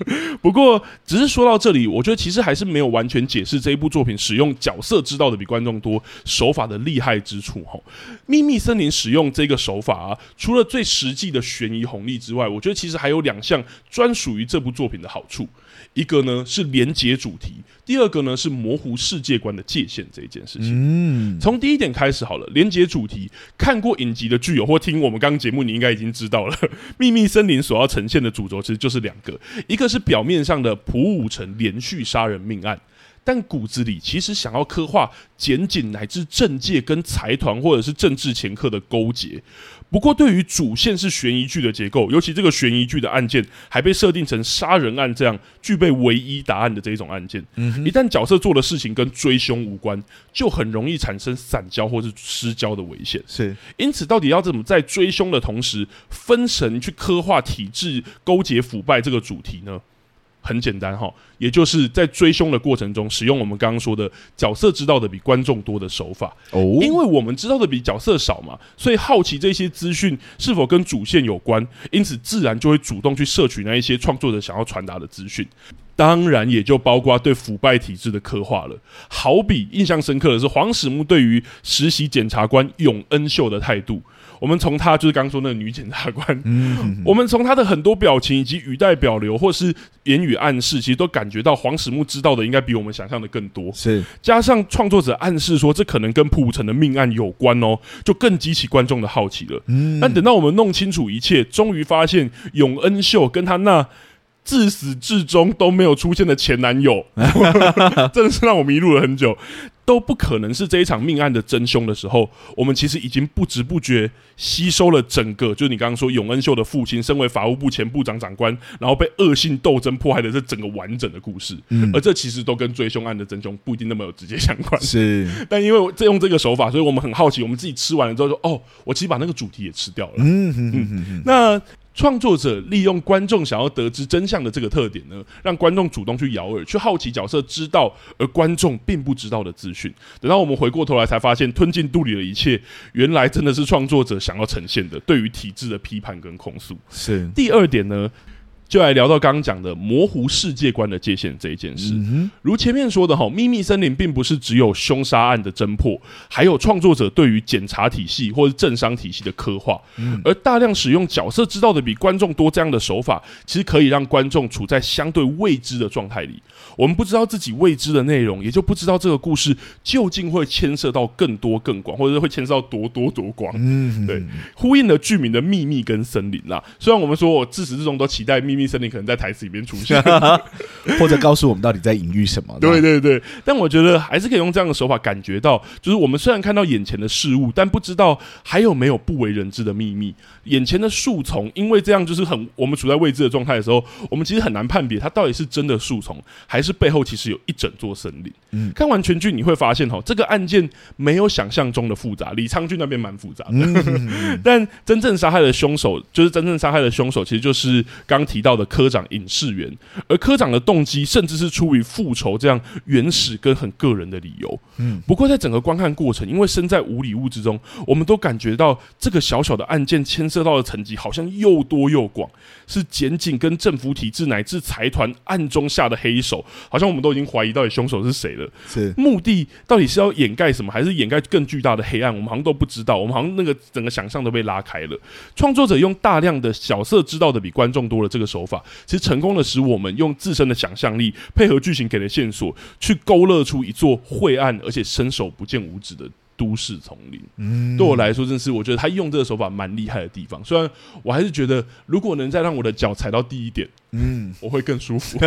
嗯。 不過，只是說到這裡，我覺得其實還是沒有完全解釋這一部作品使用角色知道的比觀眾多手法的厲害之處、哦。《秘密森林》使用這個手法啊，除了最實際的懸疑紅利之外，我覺得其實還有兩項專屬於這部作品的好處。一個呢是連結主題，第二個呢是模糊世界觀的界限這一件事情。從、嗯、第一點開始好了，連結主題。看過影集的劇友、哦、或聽我們剛剛節目，你應該已經知道了，呵呵《秘密森林》所要呈現的主軸其實就是兩個，一個是表面上的普武城連續殺人命案，但骨子裡其實想要刻畫檢警乃至政界跟財團或者是政治掮客的勾結。不過，對於主線是懸疑劇的結構，尤其這個懸疑劇的案件還被設定成殺人案這樣具備唯一答案的這一種案件。嗯哼，一旦角色做的事情跟追凶無關，就很容易產生散焦或是失焦的危險。是，因此，到底要怎麼在追凶的同時分神去刻畫體制勾結腐敗這個主題呢？很簡單哈，也就是在追凶的過程中，使用我們剛剛說的角色知道的比觀眾多的手法。Oh. 因為我們知道的比角色少嘛，所以好奇這些資訊是否跟主線有關，因此自然就會主動去攝取那一些創作者想要傳達的資訊。當然，也就包括對腐敗體制的刻畫了。好比印象深刻的是黃始木對於實習檢察官永恩秀的態度。我們從他就是剛說那個女檢察官，嗯、哼哼我們從她的很多表情以及語帶保留或是言語暗示，其實都感覺到黃始木知道的應該比我們想象的更多。是，加上創作者暗示說這可能跟朴茂成的命案有關哦，就更激起觀眾的好奇了。嗯，但等到我們弄清楚一切，終於發現永恩秀跟她那自始至終都沒有出現的前男友， 真的是讓我迷路了很久。都不可能是這一場命案的真凶的時候，我們其實已經不知不覺吸收了整個，就是你剛剛說永恩秀的父親，身為法務部前部長長官，然後被惡性鬥爭迫害的這整個完整的故事、嗯，而這其實都跟追凶案的真凶不一定那麼有直接相關。是，但因為在用這個手法，所以我們很好奇，我們自己吃完了之後說，哦，我其實把那個主題也吃掉了，嗯哼哼哼哼。嗯嗯嗯，那。創作者利用觀眾想要得知真相的這個特點呢，讓觀眾主動去咬餌，去好奇角色知道而觀眾並不知道的資訊。等到我們回過頭來才發現，吞進肚裡的一切，原來真的是創作者想要呈現的對於體制的批判跟控訴。是第二點呢。就來聊到剛剛講的模糊世界觀的界限這一件事，嗯、如前面說的哈，秘密森林並不是只有兇殺案的偵破，還有創作者對於檢察體系或者政商體系的刻畫、嗯，而大量使用角色知道的比觀眾多這樣的手法，其實可以讓觀眾處在相對未知的狀態裡。我們不知道自己未知的內容，也就不知道這個故事究竟會牽涉到更多、更廣，或者是會牽涉到多多多廣。嗯，對，呼應了劇名的“秘密”跟“森林”啦。雖然我們說我自始至終都期待“秘密森林”可能在台詞裡面出現，啊，或者告訴我們到底在隱喻什麼。 對，對對對，但我覺得還是可以用這樣的手法，感覺到就是我們雖然看到眼前的事物，但不知道還有沒有不為人知的秘密。眼前的樹叢，因為這樣就是很我們處在未知的狀態的時候，我們其實很難判別它到底是真的樹叢還是。這背後其實有一整座森林。看完全劇你會發現，哈，這個案件沒有想象中的複雜。李昌俊那邊蠻複雜的，但真正殺害的兇手，就是真正殺害的兇手，其實就是剛提到的科長尹世元。而科長的動機，甚至是出於復仇這樣原始跟很個人的理由。嗯，不過在整個觀看過程，因為身在五里霧之中，我們都感覺到這個小小的案件牽涉到的層級好像又多又廣，是檢警跟政府體制乃至財團暗中下的黑手。好像我們都已經懷疑到底凶手是誰了，是目的到底是要掩蓋什麼，還是掩蓋更巨大的黑暗？我們好像都不知道，我們好像那個整個想象都被拉開了。創作者用大量的角色知道的比觀眾多了，這個手法，其實成功的使我們用自身的想象力配合劇情給的線索，去勾勒出一座晦暗而且伸手不見五指的。都市叢林、嗯，對我來說真是，我覺得他用這個手法蠻厲害的地方。雖然我還是覺得，如果能再讓我的腳踩到低一點，嗯，我會更舒服。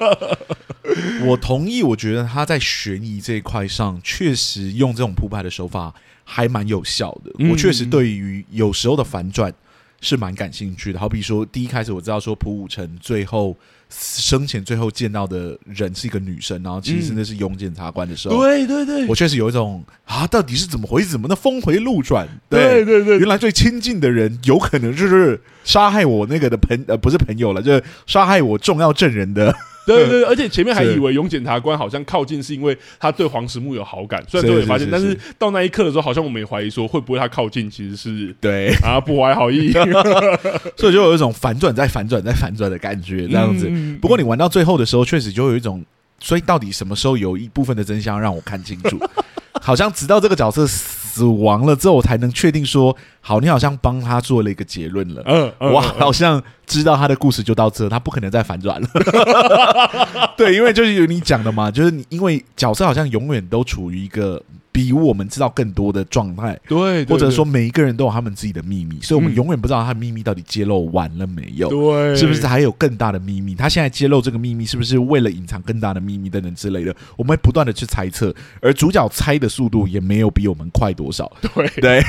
我同意，我覺得他在懸疑這一塊上，確實用這種鋪排的手法還蠻有效的。我確實對於有時候的反轉是蠻感興趣的。好比說，第一開始我知道說朴武成，最後。生前最後見到的人是一個女生，然後其實那是永檢察官的時候，嗯、對對對，我確實有一種啊，到底是怎麼回事？怎麼那峰回路轉？對對對，對，原來最親近的人有可能就是殺害我那個的朋友呃，不是朋友了，就是殺害我重要證人的、嗯。 對對對，而且前面還以為永檢察官好像靠近是因為他對黃石木有好感，雖然最後發現，是是是是是，但是到那一刻的時候，好像我們也懷疑說會不會他靠近其實是對啊不懷好意， 所以就有一種反轉再反轉再反轉的感覺這樣子、嗯。不過你玩到最後的時候，確實就有一種，所以到底什麼時候有一部分的真相讓我看清楚？ 好像直到這個角色。死亡了之後，我才能確定說，好，你好像幫他做了一個結論了。Uh, uh, uh, uh. 我好像知道他的故事就到這，他不可能再反轉了。 對，因為就是有你講的嘛，就是你因為角色好像永遠都處於一個。比我們知道更多的狀態，對，對，對，或者說每一個人都有他們自己的秘密，嗯、所以我們永遠不知道他的秘密到底揭露完了沒有，對，是不是還有更大的秘密？他現在揭露這個秘密，是不是為了隱藏更大的秘密等等之類的？我們會不斷的去猜測，而主角猜的速度也沒有比我們快多少，對，對，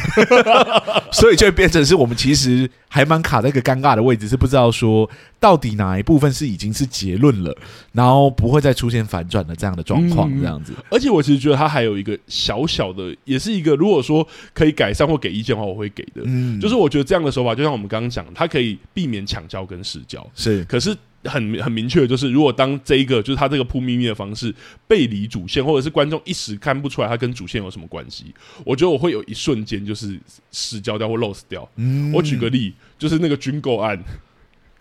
所以就會變成是我們其實還蠻卡在一個尷尬的位置，是不知道說到底哪一部分是已經是結論了，然後不會再出現反轉的這樣的狀況，這樣子、嗯。而且我其實覺得他還有一個小。小小的也是一個，如果說可以改善或給意見的話，我會給的、嗯。就是我覺得這樣的手法，就像我們剛剛講，它可以避免搶焦跟失焦。是，可是很很明確的就是，如果當這一個就是他這個鋪秘密的方式背離主線，或者是觀眾一時看不出來它跟主線有什麼關係，我覺得我會有一瞬間就是失焦掉或 loss 掉、嗯。我舉個例，就是那個軍購案。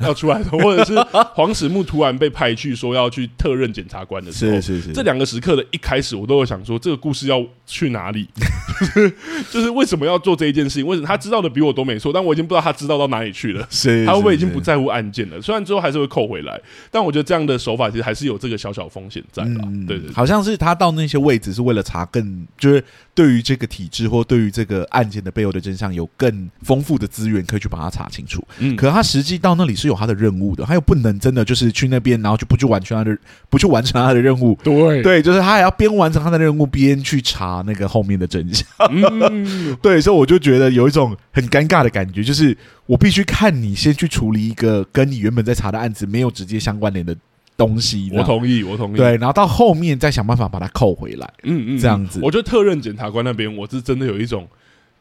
要出來的，或者是黃始木突然被派去說要去特任檢察官的時候，是是是，這兩個時刻的一開始，我都會想說這個故事要去哪裡、 就是，就是為什麼要做這一件事情？為什麼他知道的比我都沒錯？但我已經不知道他知道到哪裡去了。是是是，他會不會已經不在乎案件了？雖然之後還是會扣回來，但我覺得這樣的手法其實還是有這個小小風險在的、嗯。對對,對，好像是他到那些位置是為了查更，就是對於這個體制或對於這個案件的背後的真相有更豐富的資源可以去把它查清楚。嗯，可他實際到那裡是有。他的任務的，他又不能真的就是去那邊，然後就不去完成他的，不去完成他的任務。對對，就是他還要邊完成他的任務，邊去查那個後面的真相。嗯、 對，所以我就覺得有一種很尷尬的感覺，就是我必須看你先去處理一個跟你原本在查的案子沒有直接相關聯的東西。我同意，我同意。對，然後到後面再想辦法把它扣回來。嗯嗯，這樣子。我覺得特任檢察官那邊，我是真的有一種。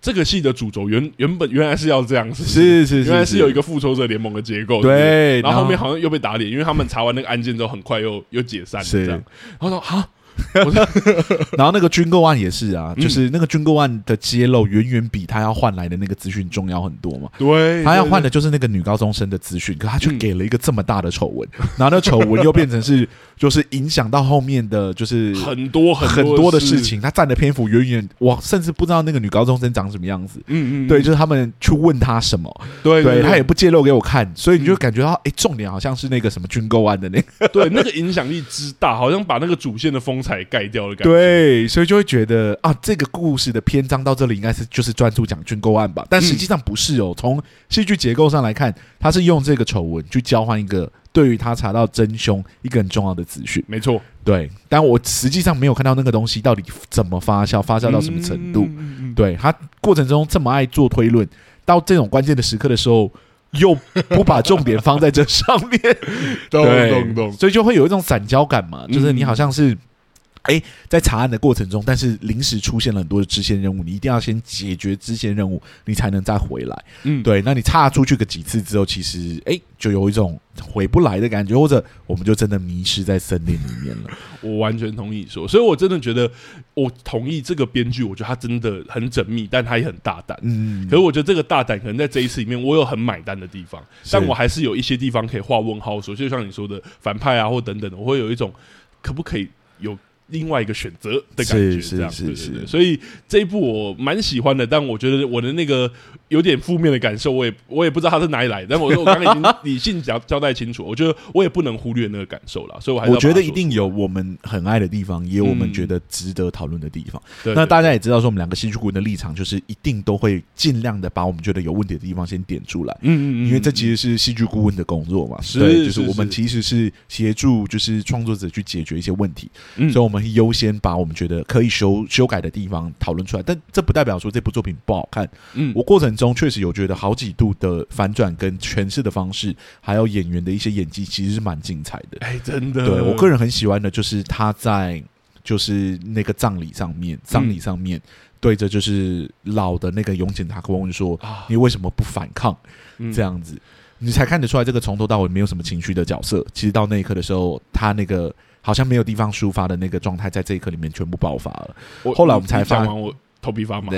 這個戲的主軸原原本原來是要這樣子，是是，是是，是，是原來是有一個復仇者聯盟的結構，是是，對。然後後面好像又被打臉，因為他們查完那個案件之後，很快又又解散了這樣。然後說好。 然後那個軍購案也是啊，就是那個軍購案的揭露遠遠比他要換來的那個資訊重要很多嘛。對，他要換的就是那個女高中生的資訊，可他卻給了一個這麼大的醜聞，然後那醜聞又變成是就是影響到後面的就是很多很多的事情，他占的篇幅遠遠，我甚至不知道那個女高中生長什麼樣子。嗯嗯，對，就是他們去問他什麼，對，他也不揭露給我看，所以你就感覺到哎、欸，重點好像是那個什麼軍購案的那個，對，那個影響力之大，好像把那個主線的風。才蓋掉的感覺，對，所以就會覺得啊，這個故事的篇章到這裡應該是就是專注講軍購案吧，但實際上不是哦。從戲劇結構上來看，他是用這個醜聞去交換一個對於他查到真兇一個很重要的資訊，沒錯，對。但我實際上沒有看到那個東西到底怎麼發酵，發酵到什麼程度。對，他過程中這麼愛做推論，到這種關鍵的時刻的時候，又不把重點放在這上面，對，所以就會有一種散焦感嘛，就是你好像是。哎、欸，在查案的過程中，但是臨時出現了很多的支線任務，你一定要先解決支線任務，你才能再回來。嗯，對。那你岔出去個幾次之後，其實哎、欸，就有一種回不來的感覺，或者我們就真的迷失在森林裡面了。我完全同意說，所以我真的覺得我同意這個編劇，我覺得他真的很縝密，但他也很大膽。嗯，可是我覺得這個大膽可能在這一次裡面，我有很買單的地方，但我還是有一些地方可以畫問號說，說，就像你說的反派啊，或等等的，我會有一種可不可以有另外一個選擇的感覺，這樣對對對，所以這一部我蠻喜歡的，但我覺得我的那個。有點負面的感受，我也我也不知道他是哪裡來的，但是我說我剛才已經理性交交代清楚，我覺得我也不能忽略那個感受了，所以我，還是我覺得一定有我們很愛的地方，也有我們覺得值得討論的地方。那大家也知道，說我們兩個戲劇顧問的立場就是一定都會盡量的把我們覺得有問題的地方先點出來，嗯嗯，因為這其實是戲劇顧問的工作嘛，是就是我們其實是協助就是創作者去解決一些問題，所以我們優先把我們覺得可以修修改的地方討論出來，但這不代表說這部作品不好看，嗯，我過程。中確實有覺得好幾度的反轉跟詮釋的方式，還有演員的一些演技其實是蠻精彩的。哎，真的，對我個人很喜歡的就是他在就是那個葬禮上面，葬禮上面、嗯、對着就是老的那個永井達克問說：“你為什麼不反抗？”這樣子，你才看得出來這個從頭到尾沒有什麼情緒的角色，其實到那一刻的時候，他那個好像沒有地方抒發的那個狀態，在這一刻裡面全部爆發了。後來我們才發現頭皮發麻，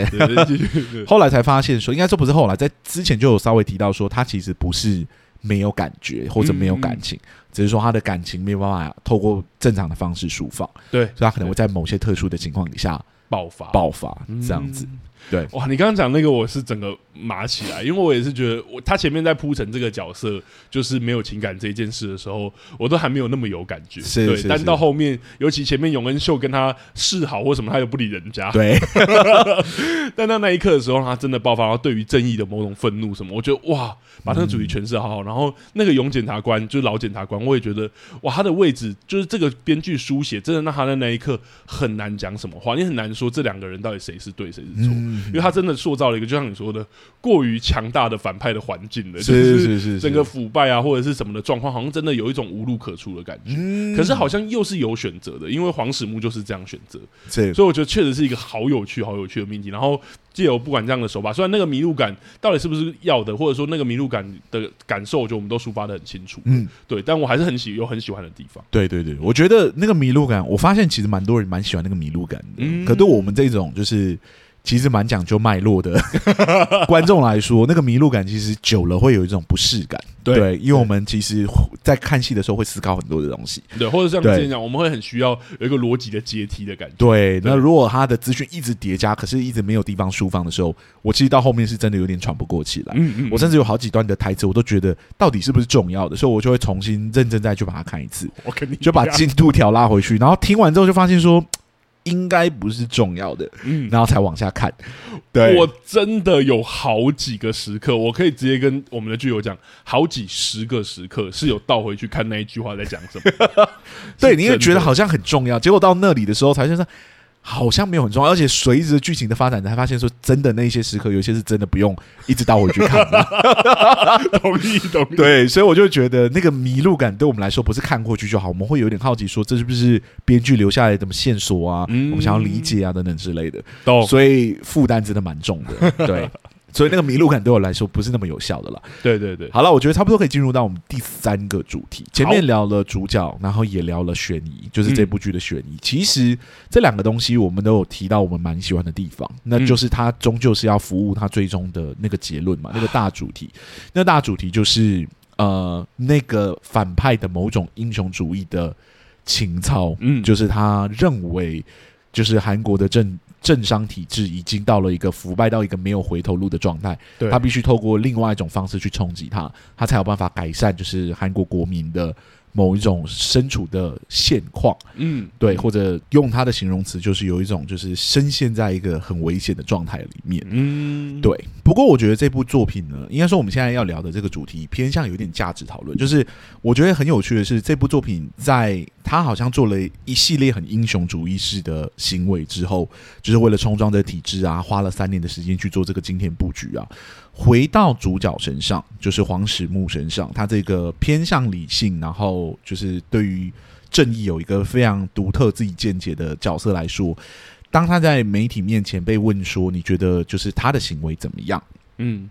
後來才發現說，應該這不是後來，在之前就有稍微提到說，他其實不是沒有感覺或者沒有感情、嗯，嗯、只是說他的感情沒有辦法透過正常的方式釋放，對，所以他可能會在某些特殊的情況底下爆發，爆發這樣子。對哇，你剛剛講那個，我是整個麻起來，因為我也是覺得我，我他前面在鋪陳這個角色就是沒有情感這一件事的時候，我都還沒有那麼有感覺，是，對是是但到後面，尤其前面永恩秀跟他示好或什麼，他又不理人家，對， 但到那一刻的時候，他真的爆發了對於正義的某種憤怒什麼，我覺得哇，把那個主題詮釋好好，然後那個永檢察官就是老檢察官，我也覺得哇，他的位置就是這個編劇書寫，真的讓他在那一刻很難講什麼話，你很難說這兩個人到底誰是對誰是錯。嗯因為他真的塑造了一個，就像你說的，過於強大的反派的環境了就是，是，是，是，是，是，是整個腐敗啊，或者是什麼的狀況，好像真的有一種無路可出的感覺，嗯。可是好像又是有選擇的，因為黃始木就是這樣選擇。所以我覺得確實是一個好有趣、好有趣的命題。然後借由不管這樣的手法，雖然那個迷路感到底是不是要的，或者說那個迷路感的感受，我覺得我們都抒發的很清楚。嗯，對，但我還是很喜有很喜歡的地方。對對對，我覺得那個迷路感，我發現其實蠻多人蠻喜歡那個迷路感的。可對我們這種就是。其實蠻講究脈絡的， 觀眾來說，那個迷路感其實久了會有一種不適感。對。對，因為我們其實，在看戲的時候會思考很多的東西。對，或者像之前講，我們會很需要有一個邏輯的階梯的感覺。對。對，那如果他的資訊一直疊加，可是一直沒有地方抒放的時候，我其實到後面是真的有點喘不過氣來。嗯，嗯嗯。我甚至有好幾段的台詞，我都覺得到底是不是重要的，所以我就會重新認真再去把它看一次。我肯定就把進度條拉回去，然後聽完之後就發現說。應該不是重要的，嗯，然後才往下看。對。我真的有好幾個時刻，我可以直接跟我們的劇友講，好幾十個時刻是有倒回去看那一句話在講什麼 對，你也覺得好像很重要，結果到那裡的時候才說。好像沒有很重要，而且隨着劇情的發展，你才發現說真的，那些時刻有些是真的不用一直倒回去看。 同意，同意。對，所以我就覺得那個迷路感對我們來說不是看過去就好，我們會有點好奇，說這是不是編劇留下來的什麼線索啊？我們想要理解啊，等等之類的。所以負擔真的蠻重的。對。所以那個迷路感對我來說不是那麼有效的了。對對對，好了，我覺得差不多可以進入到我們第三個主題。前面聊了主角，然後也聊了懸疑，就是這部劇的懸疑、嗯。其實這兩個東西我們都有提到，我們蠻喜歡的地方，那就是他終究是要服務他最終的那個結論嘛、嗯，那個大主題。那大主題就是呃，那個反派的某種英雄主義的情操，嗯，就是他認為，就是韓國的政。政商體制已經到了一個腐敗到一個沒有回頭路的狀態，對，他必須透過另外一種方式去衝擊他，他才有辦法改善，就是韓國國民的。某一種身處的現況，嗯，對，或者用他的形容詞，就是有一種就是深陷在一個很危險的狀態裡面，嗯，對。不過我覺得這部作品呢，應該說我們現在要聊的這個主題偏向有點價值討論，就是我覺得很有趣的是，這部作品在他好像做了一系列很英雄主義式的行為之後，就是為了衝撞這體制啊，花了三年的時間去做這個驚天布局啊。回到主角身上，就是黃始木身上，他這個偏向理性，然後就是對於正義有一個非常獨特自己見解的角色來說，當他在媒體面前被問說，你覺得就是他的行為怎麼樣？嗯，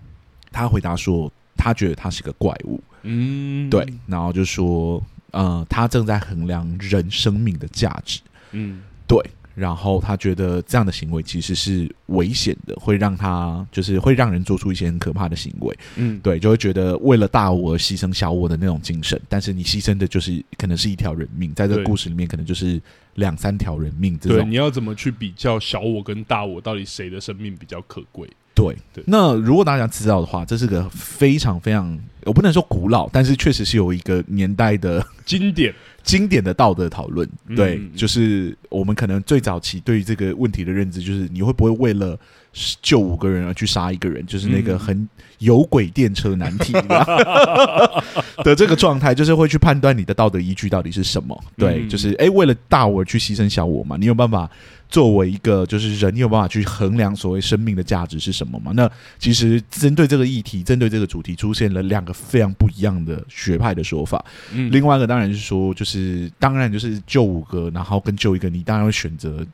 他回答說，他覺得他是個怪物。嗯，對，然後就說，呃，他正在衡量人生命的價值。嗯，對。然後他覺得這樣的行為其實是危險的，會讓他就是會讓人做出一些很可怕的行為。嗯，對，就會覺得為了大我而犧牲小我的那種精神，但是你犧牲的就是可能是一條人命，在這個故事裡面可能就是兩三條人命對。對，你要怎麼去比較小我跟大我到底誰的生命比較可貴？對對。那如果大家知道的話，這是個非常非常我不能說古老，但是確實是有一個年代的經典。經典的道德討論，對，嗯、就是我們可能最早期對於這個問題的認知，就是你會不會為了救五個人而去殺一個人，就是那個很有軌電車難題的、嗯、 對這個狀態，就是會去判斷你的道德依據到底是什麼？對，就是哎、欸，為了大我去犧牲小我嘛？你有辦法？作為一個就是人，有辦法去衡量所謂生命的價值是什麼嗎？那其實針對這個議題，嗯、針對這個主題，出現了兩個非常不一樣的學派的說法。嗯、另外一個當然是說，就是當然就是救五個，然後跟救一個，你當然會選擇。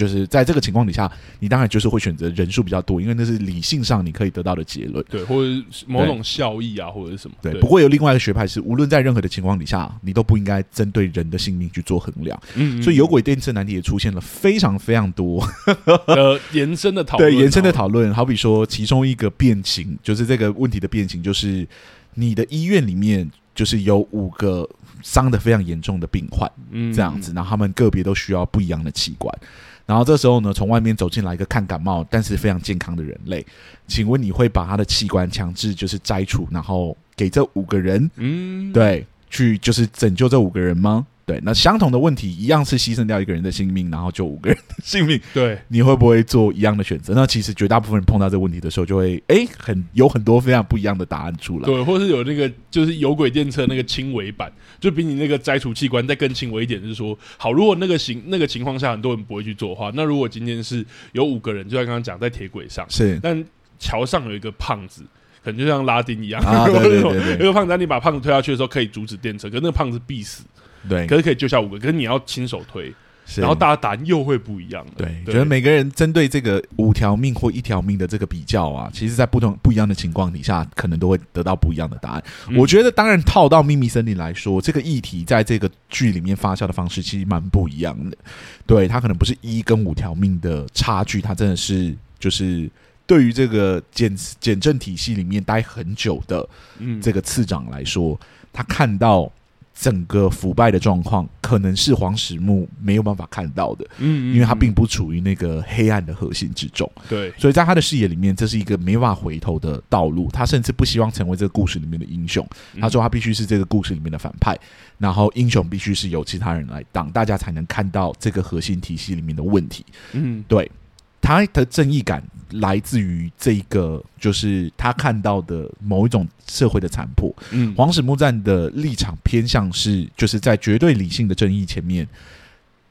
就是在這個情況底下，你當然就是會選擇人數比較多，因為那是理性上你可以得到的結論。對，或者某種效益啊，或者是什麼對？對。不過有另外一個學派是，無論在任何的情況底下，你都不應該針對人的性命去做衡量。嗯，嗯，嗯。所以有軌電車難題也出現了非常非常多的 呃、延伸的討論，對延伸的討論。好比說，其中一個變形就是這個問題的變形，就是你的醫院裡面就是有五個傷的非常嚴重的病患，嗯，這樣子嗯嗯，然後他們個別都需要不一樣的器官。然後這時候呢，從外面走進來一個看感冒、但是非常健康的人類，請問你會把他的器官強制就是摘除，然後給這五個人，嗯，對，去就是拯救這五個人嗎？對，那相同的問題一樣是犧牲掉一個人的性命，然後救五個人的性命。對，你會不會做一樣的選擇？那其實絕大部分人碰到這個問題的時候，就會哎，很有很多非常不一樣的答案出來。對，或是有那個就是有軌電車那個輕微版，就比你那個摘除器官再更輕微一點，就是說，好，如果那個情那個情況下，很多人不會去做的話，那如果今天是有五個人，就像剛剛講在鐵軌上，是，但橋上有一個胖子，可能就像拉丁一樣，有、啊、個胖子，你把胖子推下去的時候可以阻止電車，可那個胖子必死。對，可是可以救下五個，可是你要親手推，然後大家答案又會不一樣對。對，覺得每個人針對這個五條命或一條命的這個比較啊，其實在不同不一樣的情況底下，可能都會得到不一樣的答案。嗯、我覺得，當然套到秘密森林來說，這個議題在這個劇裡面發酵的方式其實蠻不一樣的。對，它可能不是一跟五條命的差距，它真的是就是對於這個檢檢警體系裡面待很久的這個次長來說，他、嗯、看到。整個腐敗的狀況，可能是黃始木沒有辦法看到的，嗯，因為他並不處於那個黑暗的核心之中，對，所以在他的視野裡面，這是一個沒法回頭的道路。他甚至不希望成為這個故事裡面的英雄，他說他必須是這個故事裡面的反派，然後英雄必須是由其他人來當，大家才能看到這個核心體系裡面的問題。嗯，對，他的正義感，來自於這個，就是他看到的某一種社會的殘破。嗯，黃始木站的立場偏向是，就是在絕對理性的正義前面，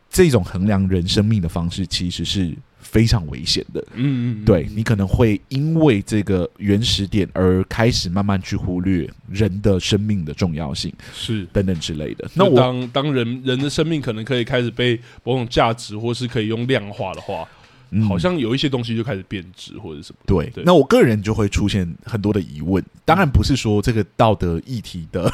這種衡量人生命的方式其實是非常危險的。嗯嗯，對，你可能會因為這個原始點而開始慢慢去忽略人的生命的重要性，是等等之類的。當那我當當人人的生命可能可以開始被某種價值或是可以用量化的話。好像有一些東西就開始變質，或者什麼、嗯。對，那我個人就會出現很多的疑問。當然不是說這個道德議題的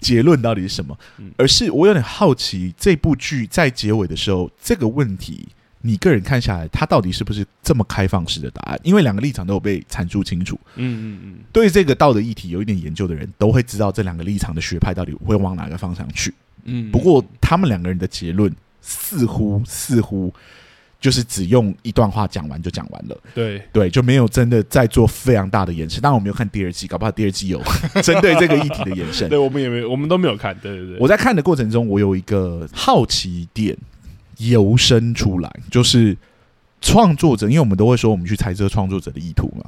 結論到底是什麼，而是我有點好奇這部劇在結尾的時候這個問題，你個人看下來，它到底是不是這麼開放式的答案？因為兩個立場都有被闡述清楚。嗯嗯嗯。對這個道德議題有一點研究的人都會知道，這兩個立場的學派到底會往哪個方向去。嗯。不過他們兩個人的結論似乎似乎。就是只用一段話講完就講完了。對，對對，就沒有真的在做非常大的延伸。當然，我沒有看第二季，搞不好第二季有針 對這個議題的延伸。 對，我們也沒有，我們都沒有看。對對對。我在看的過程中，我有一個好奇點油生出來，就是創作者，因為我們都會說，我們去猜測創作者的意圖嘛。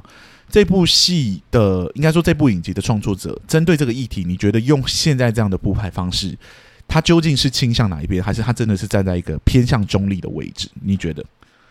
這部戲的，應該說這部影集的創作者，針對這個議題，你覺得用現在這樣的鋪排方式？他究竟是傾向哪一邊，還是他真的是站在一個偏向中立的位置？你覺得？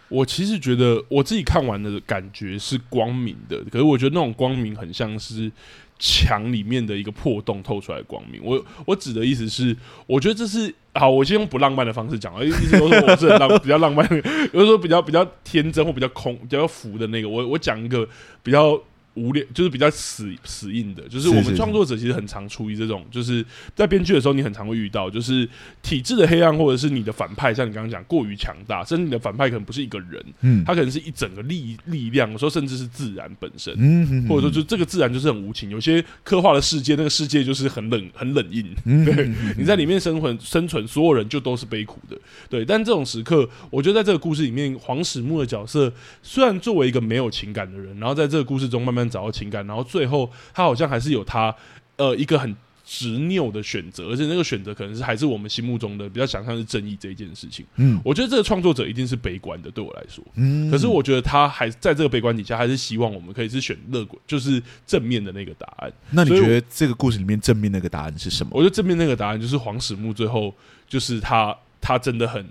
我其實覺得我自己看完的感覺是光明的，可是我覺得那種光明很像是牆裡面的一個破洞透出來的光明。我我指的意思是，我覺得這是好，我先用不浪漫的方式講啊，因為有時候我是很浪， 比較浪漫的，有時候比較比較天真或比較空、比較浮的那個。我我講一個比較。無臉，就是比較死死硬的，就是我們創作者其實很常處於這種，是是是是就是在編劇的時候，你很常會遇到，就是體制的黑暗，或者是你的反派，像你剛剛講過於強大，甚至你的反派可能不是一個人，嗯，他可能是一整個力力量，有時候甚至是自然本身，嗯，或者說就這個自然就是很無情，有些刻畫的世界，那個世界就是很冷，很冷硬，對，嗯、哼哼哼你在裡面生存，生存，所有人就都是悲苦的，對，但這種時刻，我覺得在這個故事裡面，黃始木的角色雖然作為一個沒有情感的人，然後在這個故事中慢慢找到情感，然後最後他好像還是有他，呃，一個很執拗的選擇，而且那個選擇可能是還是我們心目中的比較想象是正義這一件事情。嗯，我覺得這個創作者一定是悲觀的，對我來說，嗯，可是我覺得他還在這個悲觀底下，還是希望我們可以是選樂觀，就是正面的那個答案。那你覺得這個故事裡面正面那個答案是什麼？我覺得正面那個答案就是黃始木最後就是他，他真的很。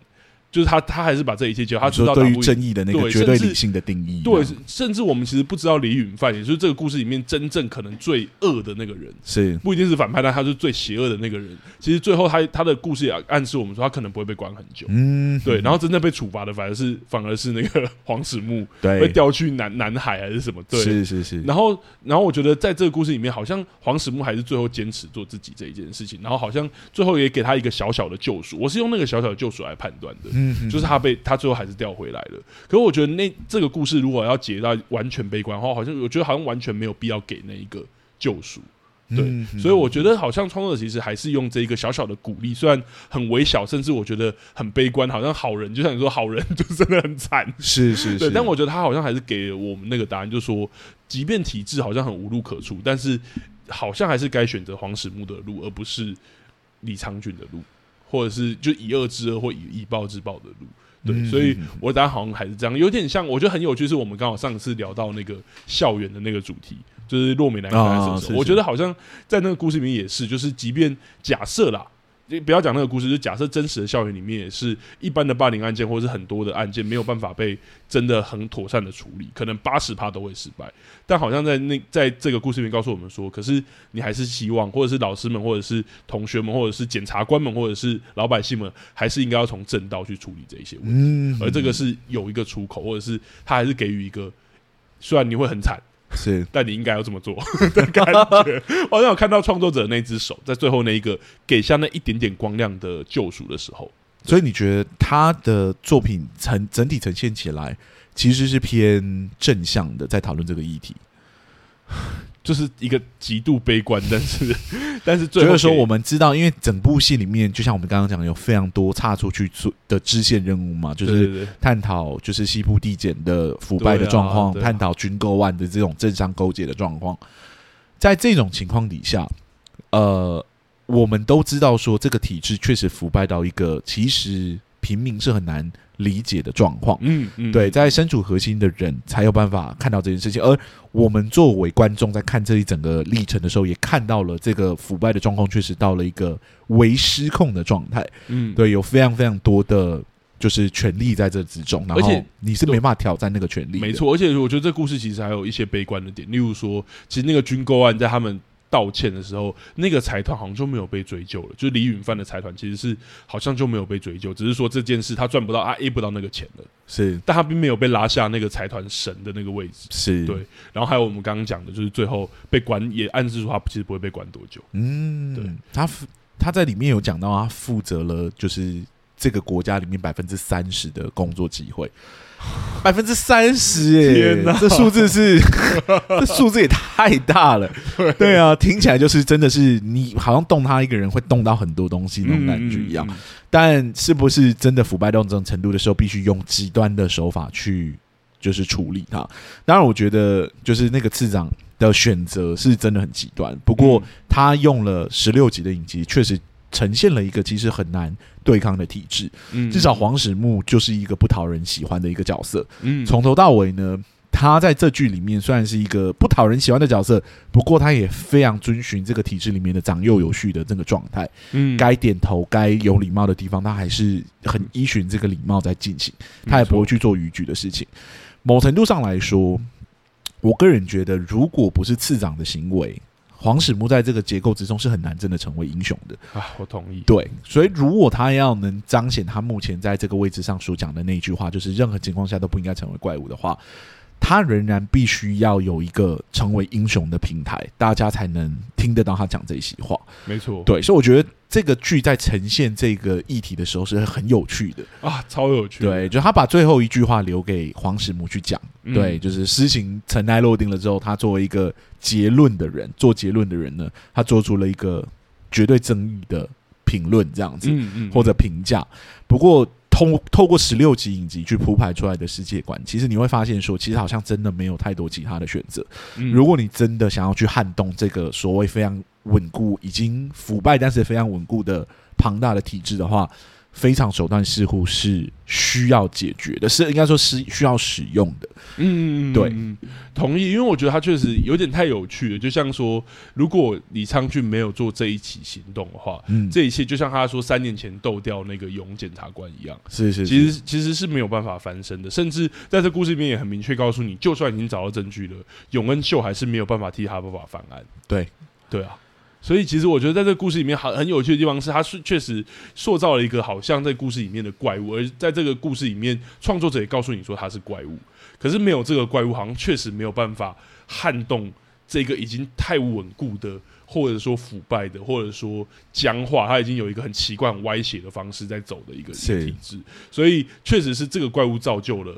就是他，他還是把這一切叫他知道，對於正義的那個絕對理性的定義對。對，甚至我們其實不知道李允範，也就是這個故事裡面真正可能最惡的那個人，是不一定是反派，但他是最邪惡的那個人。其實最後他他的故事也暗示我們說，他可能不會被關很久。嗯，對。然後真正被處罰的反而是反而是那個黃始木，對，被調去南南海還是什麼？對，是是是。然後，然後我覺得在這個故事裡面，好像黃始木還是最後堅持做自己這一件事情，然後好像最後也給他一個小小的救贖。我是用那個小小的救贖來判斷的。嗯， 就是他被他最後還是調回來了。可是我覺得那這個故事如果要解到完全悲觀的話，好像我覺得好像完全沒有必要給那一個救贖。對， 所以我覺得好像創作者其實還是用這一個小小的鼓勵，雖然很微小，甚至我覺得很悲觀，好像好人就像你說好人 就真的很慘，是是是，是。但我覺得他好像還是給了我們那個答案，就是說，即便體制好像很無路可出，但是好像還是該選擇黃始木的路，而不是李昌俊的路。或者是就以惡制惡或以以暴制暴的路，對，嗯、所以我覺得好像還是這樣，有點像，我覺得很有趣，是我們剛好上次聊到那個校園的那個主題，就是落美男殺手，我覺得好像在那個故事裡面也是，就是即便假設啦。你不要講那個故事，就假設真實的校園裡面，也是一般的霸凌案件或者是很多的案件，沒有辦法被真的很妥善的處理，可能八十趴都會失敗。但好像在那在這個故事裡面告訴我們說，可是你還是希望，或者是老師們，或者是同學們，或者是檢察官們，或者是老百姓們，還是應該要從正道去處理這一些問題，嗯嗯，而這個是有一個出口，或者是他還是給予一個，雖然你會很慘。是，但你應該要這麼做的感覺。我好像有看到創作者那只手，在最後那一個給下那一點點光亮的救贖的時候。所以你覺得他的作品呈整體呈現起來，其實是偏正向的，在討論這個議題。就是一個極度悲觀，但是但是最後 說，我們知道，因為整部戲裡面，就像我們剛剛講的，有非常多岔出去的支線任務嘛，就是探討就是西部地檢的腐敗的狀況，探討軍購案的這種政商勾結的狀況、啊啊，在這種情況底下，呃，我們都知道說這個體制確實腐敗到一個其實。平民是很難理解的狀況，嗯，嗯，對，在身處核心的人才有辦法看到這件事情，而我們作為觀眾在看這一整個歷程的時候，也看到了這個腐敗的狀況確實到了一個微失控的狀態，嗯，對，有非常非常多的，就是權力在這之中，然後你是沒辦法挑戰那個權力，沒錯，而且我覺得這故事其實還有一些悲觀的點，例如說，其實那個軍購案在他們。道歉的時候，那個財團好像就沒有被追究了。就是李允范的財團其實是好像就沒有被追究，只是說這件事他賺不到啊，A 不到那個錢了。是，但他並沒有被拉下那個財團神的那個位置。是對。然後還有我們剛剛講的，就是最後被關也暗示說他其實不會被關多久。嗯，對，他他在裡面有講到他負責了就是這個國家裡面百分之三十的工作機會。百分之三十，哎、欸，天哪，這數字是， 這數字也太大了。 對啊，聽起來就是真的是你，好像動他一個人會動到很多東西，那種感覺一樣、嗯。但是不是真的腐敗到這種程度的時候，必須用極端的手法去就是處理它？當然，我覺得就是那個次長的選擇是真的很極端，不過他用了十六集的影集確實呈現了一個其實很難對抗的體制。至少黃始木就是一個不討人喜歡的一個角色。從頭到尾呢，他在這劇裡面雖然是一個不討人喜歡的角色，不過他也非常遵循這個體制裡面的長幼有序的這個狀態。該點頭、該有禮貌的地方，他還是很依循這個禮貌在進行，他也不會去做逾矩的事情。某程度上來說，我個人覺得，如果不是次長的行為。黃始木在這個結構之中是很難真的成為英雄的啊。我同意。對，所以如果他要能彰顯他目前在這個位置上所講的那一句話，就是任何情況下都不應該成為怪物的話。他仍然必須要有一個成為英雄的平台，大家才能聽得到他講這一席話。沒錯，對，所以我覺得這個劇在呈現這個議題的時候是很有趣的啊，超有趣的。對，就他把最後一句話留給黃始木去講，嗯，對，就是事情塵埃落定了之後，他作為一個結論的人，做結論的人呢，他做出了一個絕對爭議的評論這樣子，嗯嗯，或者評價。不過。通透過十六集影集，去鋪排出來的世界觀，其實你會發現說，說其實好像真的沒有太多其他的選擇。嗯。如果你真的想要去撼動這個所謂非常穩固、已經腐敗但是非常穩固的龐大的體制的話。非常手段似乎是需要解決的，是應該說是需要使用的。嗯，對，同意。因為我覺得他確實有點太有趣了。就像說，如果李昌俊沒有做這一起行動的話，嗯，這一切就像他說三年前鬥掉那個永檢察官一樣。是是，是，其實其實是沒有辦法翻身的。甚至在這故事裡面也很明確告訴你，就算已經找到證據了，永恩秀還是沒有辦法替他爸爸翻案。對，對啊。所以，其實我覺得，在這個故事裡面，很很有趣的地方是，他是確實塑造了一個好像在故事裡面的怪物，而在這個故事裡面，創作者也告訴你說他是怪物，可是沒有這個怪物，好像確實沒有辦法撼動這個已經太穩固的，或者說腐敗的，或者說僵化，他已經有一個很奇怪、很歪斜的方式在走的一個體制。所以，確實是這個怪物造就了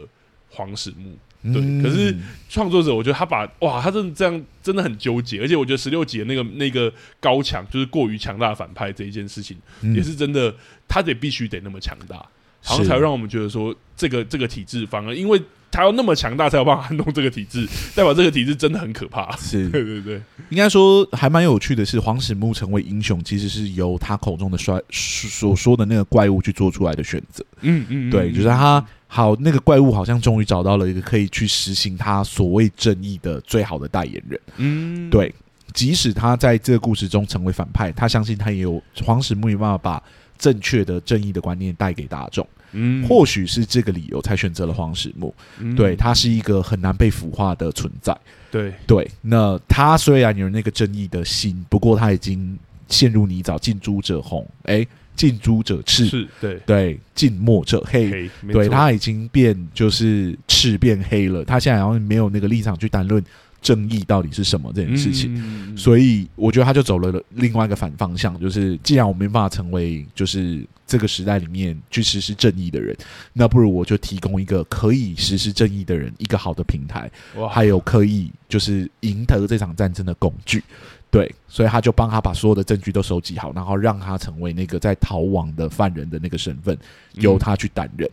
黃始木。對、嗯，可是創作者，我覺得他把哇，他真的這樣真的很糾結，而且我覺得十六集的那個那個高強就是過於強大的反派這一件事情，嗯、也是真的，他得必須得那麼強大，好像才會讓我們覺得說這個這個體制反而因為。他要那麼強大，才有辦法弄這個體制。代表這個體制真的很可怕。是，對對對，應該說還蠻有趣的。是黃始木成為英雄，其實是由他口中的衰所說的那個怪物去做出來的選擇。嗯嗯，對，就是他好，那個怪物好像終於找到了一個可以去實行他所謂正義的最好的代言人。嗯，對，即使他在這個故事中成為反派，他相信他也有黃始木有辦法把。正確的正義的觀念帶給大眾，嗯，或許是這個理由才選擇了黃始木，嗯。對，他是一個很難被腐化的存在，對對。那他雖然有那個正義的心，不過他已經陷入泥沼，近朱者紅，誒、欸，近朱者赤，對對，近墨者黑，對，他已經變就是赤變黑了，他現在好像沒有那個立場去單論正義到底是什麼這件事情？所以我覺得他就走了另外一個反方向，就是既然我沒辦法成為就是這個時代裡面去實施正義的人，那不如我就提供一個可以實施正義的人一個好的平台，還有可以就是贏得這場戰爭的工具。對，所以他就幫他把所有的證據都收集好，然後讓他成為那個在逃亡的犯人的那個身份，由他去擔任。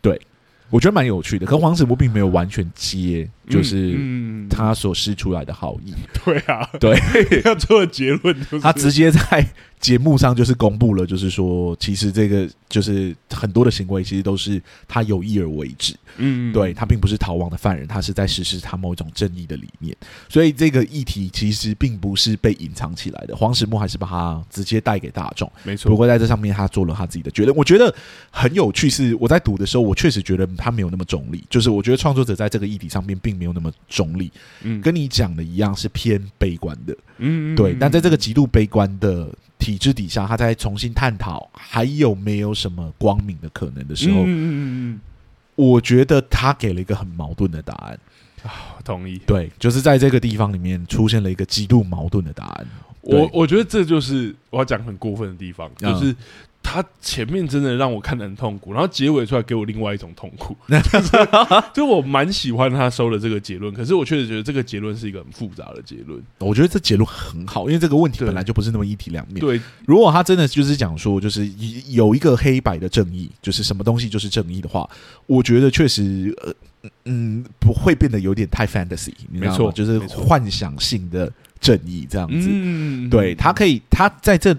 對。我覺得蠻有趣的，可黃始木並沒有完全接，就是他所施出來的好意。對、嗯、啊、嗯，對，要做的結論就是他直接在。節目上就是公布了，就是說，其實這個就是很多的行為，其實都是他有意而為之嗯嗯。嗯，對，他並不是逃亡的犯人，他是在實施他某一種正義的理念。所以這個議題其實並不是被隱藏起來的，黃始木還是把它直接帶給大眾。沒錯，不過在這上面他做了他自己的決定。我覺得很有趣。是我在讀的時候，我確實覺得他沒有那麼中立，就是我覺得創作者在這個議題上面並沒有那麼中立。嗯，跟你講的一樣，是偏悲觀的。嗯，嗯，嗯、對。但在這個極度悲觀的體制底下，他在重新探討還有沒有什麼光明的可能的時候，嗯，嗯嗯嗯嗯，我覺得他給了一個很矛盾的答案，同意，對，就是在這個地方裡面出現了一個極度矛盾的答案。我我覺得這就是我要講很過分的地方，嗯，就是。他前面真的讓我看得很痛苦，然後結尾出來給我另外一種痛苦。就，是、 就我蠻喜歡他收的這個結論，可是我確實覺得這個結論是一個很複雜的結論。我覺得這結論很好，因為這個問題本來就不是那麼一體兩面。對，如果他真的就是講說，就是有一個黑白的正義，就是什麼東西就是正義的話，我覺得確實，呃，嗯，不會變得有點太 fantasy。沒錯，就是幻想性的正義這樣子。嗯，對，他可以，他在這。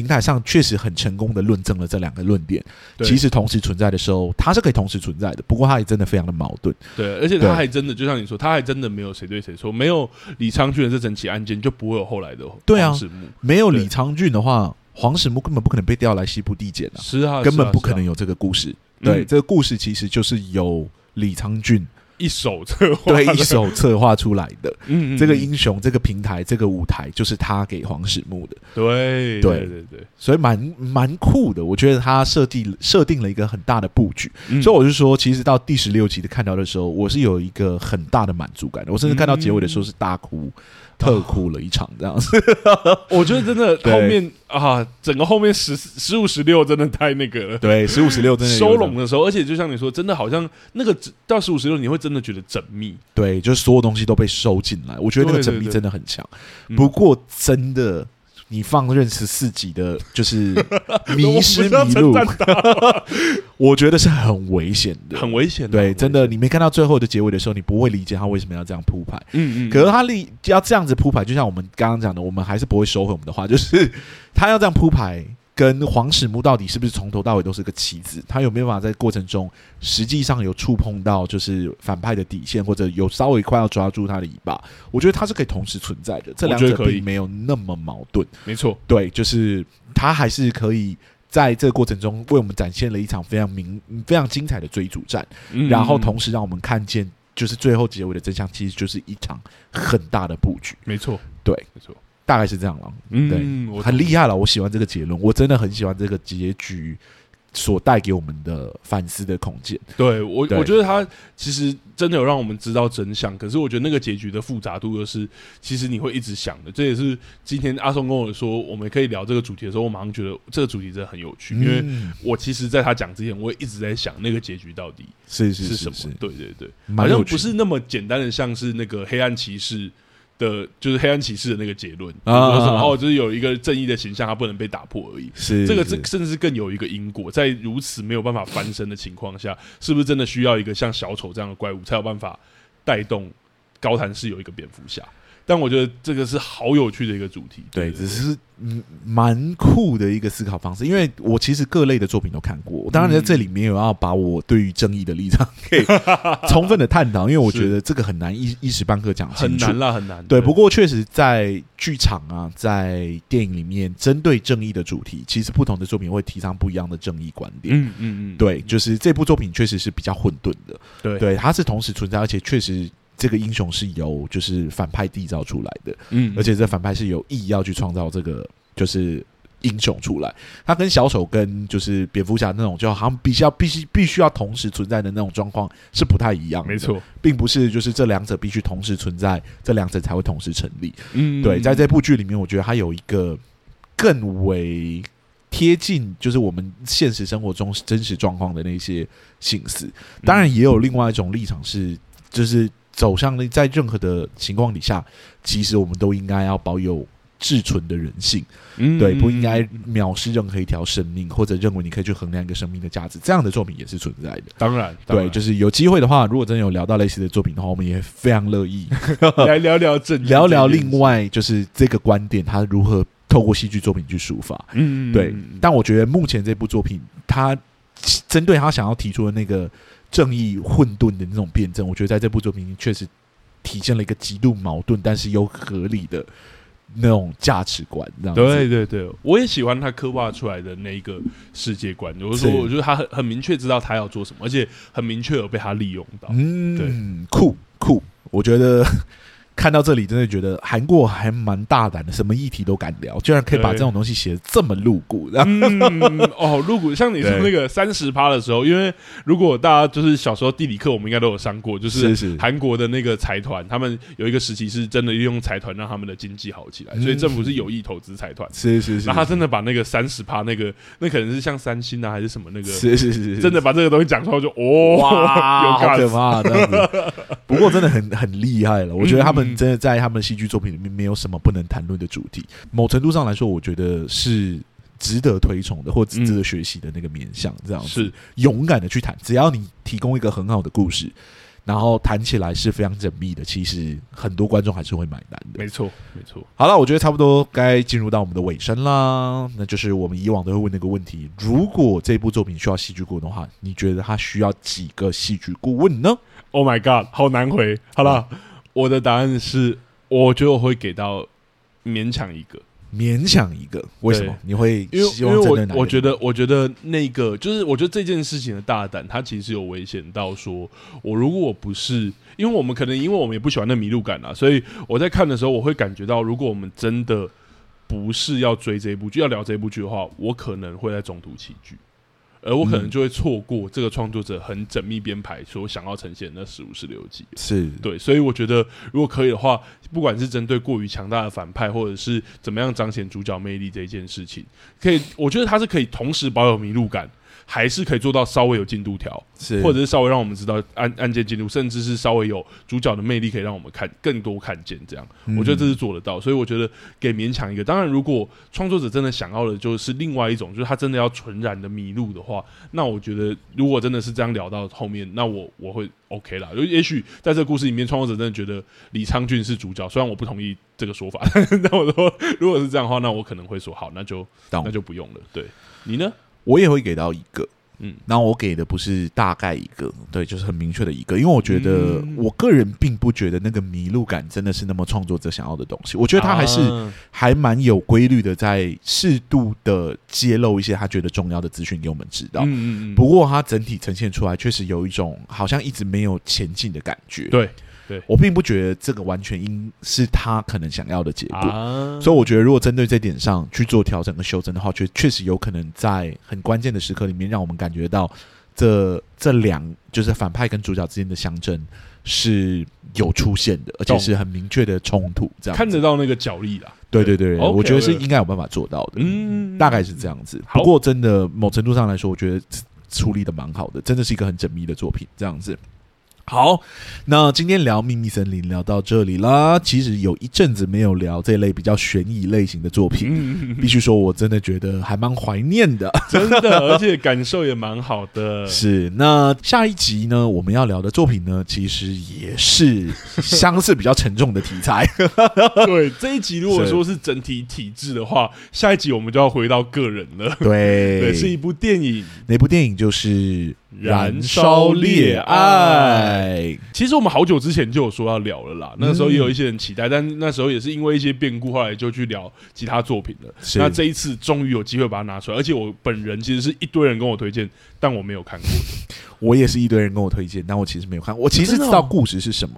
平台上確實很成功的論證了這兩個論點。其實同時存在的時候，它是可以同時存在的。不過，它也真的非常的矛盾。對、啊，而且它還真的，就像你說，它還真的沒有誰對誰錯。沒有李昌俊的這整起案件，就不會有後來的黃始木，對啊，沒有李昌俊的話，黃始木根本不可能被調來西部地檢了。啊，是啊，根本不可能有這個故事。啊啊、對、嗯，這個故事其實就是有李昌俊一手策劃，對，一手策劃出來的。 嗯、嗯、嗯，這個英雄、這個平台、這個舞台，就是他給黃始木的。對對對對，對，所以蠻蠻酷的。我覺得他設計設定了一個很大的布局。嗯。所以我就說，其實到第十六集的看到的時候，我是有一個很大的滿足感的。我甚至看到結尾的時候是大哭。嗯特哭了一場，這樣子、啊， 我覺得真的後面啊，整個後面十十五十六真的太那個了。對，十五十六真的收攏的時候，而且就像你說，真的好像那個到十五十六，你會真的覺得縝密。對，就是所有東西都被收進來，我覺得那個縝密真的很強。不過真的。你放任十四集的，就是迷失迷路， 我， 我覺得是很危險的，很危險。的，對，的真的，你沒看到最後的結尾的時候，你不會理解他為什麼要這樣鋪排。嗯嗯，嗯。可是他立要這樣子鋪排，就像我們剛剛講的，我們還是不會收回我們的話，就是他要這樣鋪排。跟黃始木到底是不是從頭到尾都是個棋子？他有沒有辦法在過程中實際上有觸碰到，就是反派的底線，或者有稍微快要抓住他的尾巴？我覺得他是可以同時存在的，這兩者可以沒有那麼矛盾。沒錯，對，就是他還是可以在這個過程中為我們展現了一場非常明、非常精彩的追逐戰，嗯嗯，然後同時讓我們看見，就是最後結尾的真相其實就是一場很大的布局。沒錯，對，沒錯。大概是這樣了，嗯，對，很厲害了，我喜歡這個結論，我真的很喜歡這個結局所帶給我們的反思的空間。對我，我覺得他其實真的有讓我們知道真相，可是我覺得那個結局的複雜度又是其實你會一直想的。這也是今天阿松跟我說我們可以聊這個主題的時候，我馬上覺得這個主題真的很有趣，因為我其實，在他講之前，我也一直在想那個結局到底是是什麼？對對對，好像不是那麼簡單的，像是那個黑暗騎士。的，就是黑暗騎士的那個結論，然後就是有一個正義的形象，它不能被打破而已。是這個是，這甚至更有一個因果，在如此沒有辦法翻身的情況下，是不是真的需要一個像小丑這樣的怪物，才有辦法帶動高譚市有一個蝙蝠俠？但我覺得這個是好有趣的一個主題，對，對，對，對，對，只是嗯蠻酷的一個思考方式。因為我其實各類的作品都看過，嗯、當然在這裡面有要把我對於正義的立場可以、嗯、充分的探討，因為我覺得這個很難一一時半刻講清楚，很難了很難。對，對，不過確實在劇場啊，在電影裡面針對正義的主題，其實不同的作品會提倡不一樣的正義觀點。嗯嗯嗯，對，就是這部作品確實是比較混沌的，對對，它是同時存在，而且確實。這個英雄是由就是反派締造出來的，嗯，而且這反派是有意要去創造這個就是英雄出來，他跟小丑跟就是蝙蝠俠那種就好像必須要，必須必須要同時存在的那種狀況是不太一樣的，沒錯，並不是就是這兩者必須同時存在，這兩者才會同時成立。嗯，對，在這部劇裡面，我覺得他有一個更為貼近就是我們現實生活中真實狀況的那些心思，當然也有另外一種立場是就是。走向了，在任何的情況底下，其實我們都應該要保有至純的人性，嗯，對，不應該藐視任何一條生命，或者認為你可以去衡量一個生命的價值。這樣的作品也是存在的，當然，當然對，就是有機會的話，如果真的有聊到類似的作品的話，我們也非常樂意、嗯、 來聊聊正， 聊聊另外就是這個觀點，他如何透過戲劇作品去抒發，嗯，對嗯。但我覺得目前這部作品，他針對他想要提出的那個。正義混沌的那種辯證，我覺得在這部作品確實體現了一個極度矛盾但是又合理的那種價值觀這樣。對對對，我也喜歡他刻畫出來的那一個世界觀。是就是說，我覺得他很很明確知道他要做什麼，而且很明確有被他利用到。嗯，對，酷酷，我覺得。 看到這裡，真的覺得韓國還蠻大膽的，什麼議題都敢聊，居然可以把這種東西寫得這麼露骨。嗯，哦，露骨。像你說那個三十趴的時候，因為如果大家就是小時候地理課，我們應該都有上過，就是韓國的那個財團，他們有一個時期是真的運用財團讓他們的經濟好起來，嗯，所以政府是有意投資財團。是是是。那他真的把那個三十趴，那個那可能是像三星啊，還是什麼那個，是是是，是，真的把這個東西講出來就哦哇，好 可怕的 不過真的很很厲害了，我覺得他們、嗯。真的在他們戲劇作品裡面沒有什麼不能談論的主題。某程度上來說，我覺得是值得推崇的，或值得學習的那個面向。這樣是勇敢的去談，只要你提供一個很好的故事，然後談起來是非常縝密的。其實很多觀眾還是會買單的。沒錯，沒錯。好了，我覺得差不多該進入到我們的尾聲啦。那就是我們以往都會問那個問題：如果這部作品需要戲劇顧問的話，你覺得他需要幾個戲劇顧問呢？Oh my god，好難回。好了。我的答案是，我覺得我會給到勉強一個，勉強一個。為什麼？你會希望因為因為我我覺得，我覺得那個就是，我覺得這件事情的大膽，它其實有危險到說，我如果不是，因為我們可能，因為我們也不喜歡那迷路感啊，所以我在看的時候，我會感覺到，如果我們真的不是要追這部劇，要聊這部劇的話，我可能會在中途棄劇。而我可能就會錯過這個創作者很縝密編排所想要呈現那十五十六集，是對，所以我覺得如果可以的話，不管是針對過於強大的反派，或者是怎麼樣彰顯主角魅力這一件事情，可以，我覺得他是可以同時保有迷路感。還是可以做到稍微有進度條，是，或者是稍微讓我們知道案案件進度，甚至是稍微有主角的魅力可以讓我們看更多看見這樣，嗯、我覺得這是做得到，所以我覺得給勉強一個。當然，如果創作者真的想要的就是另外一種，就是他真的要純然的迷路的話，那我覺得如果真的是這樣聊到後面，那我我會 OK 了。就也許在這個故事裡面，創作者真的覺得李昌俊是主角，雖然我不同意這個說法，但我說如果是這樣的話，那我可能會說好，那就那就不用了。對，你呢？我也會給到一個，嗯，然後我給的不是大概一個，對，就是很明確的一個。因為我覺得，我個人並不覺得那個迷路感真的是那麼創作者想要的東西。我覺得他還是還蠻有規律的，在適度的揭露，一些他覺得重要的資訊給我們知道。嗯，嗯，嗯，嗯。不過他整體呈現出來，確實有一種好像一直沒有前進的感覺。對。對，我並不覺得這個完全應是他可能想要的結果，啊、所以我覺得如果針對這點上去做調整和修正的話，確確實有可能在很關鍵的時刻裡面，讓我們感覺到這這兩就是反派跟主角之間的相爭是有出現的，而且是很明確的衝突，這樣看得到那個角力啦，對對對，對我覺得是應該有辦法做到的。嗯，大概是這樣子。不過真的某程度上來說，我覺得處理的蠻好的，真的是一個很縝密的作品，這樣子。好，那今天聊《秘密森林》聊到這裡啦。其實有一陣子沒有聊這類比較懸疑類型的作品，嗯嗯嗯、必須說我真的覺得還蠻懷念的，真的，而且感受也蠻好的。 是那下一集呢？我們要聊的作品呢，其實也是相似比較沉重的題材。 對，這一集如果說是整體體制的話，下一集我們就要回到個人了。對，對，是一部電影，哪部電影？就是。燃燒烈愛，其實我們好久之前就有說要聊了啦。那時候也有一些人期待，但那時候也是因為一些變故，後來就去聊其他作品了。那這一次終於有機會把它拿出來，而且我本人其實是一堆人跟我推薦。但我沒有看過， 我也是一堆人跟我推薦，但我其實沒有看。我其實知道故事是什麼，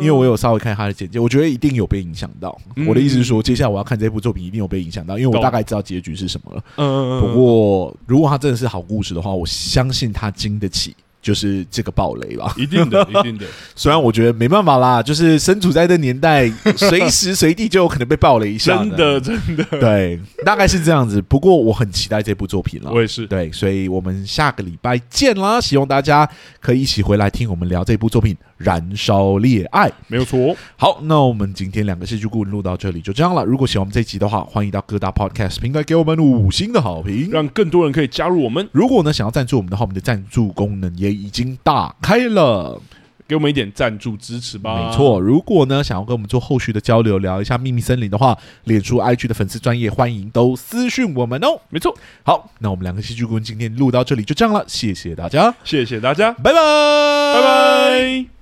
因為我有稍微看他的簡介，我覺得一定有被影響到。我的意思是說，接下來我要看這部作品，一定有被影響到，因為我大概知道結局是什麼了。嗯。不過，如果他真的是好故事的話，我相信他經得起。就是這個暴雷吧，一定的，一定的。 雖然我覺得沒辦法啦，就是身處在這年代，隨時隨地就有可能被暴雷一下的。真的，真的。對，大概是這樣子。不過我很期待這部作品啦，我也是。對，所以我們下個禮拜見啦！希望大家可以一起回來聽我們聊這部作品《燃燒烈愛》，沒有錯。好，那我們今天兩個戲劇顧問錄到這裡就這樣啦。如果喜歡我們這一集的話，歡迎到各大 Podcast 平台給我們五星的好評，讓更多人可以加入我們。如果呢想要贊助我們的話，我們的贊助功能也。已經打開了，給我們一點贊助支持吧。沒錯，如果呢想要跟我們做後續的交流，聊一下秘密森林的話，列出 IG 的粉絲專業，歡迎都私訊我們哦。沒錯，好，那我們兩個戲劇顧問今天錄到這裡就這樣了，謝謝大家，謝謝大家，拜拜，拜拜。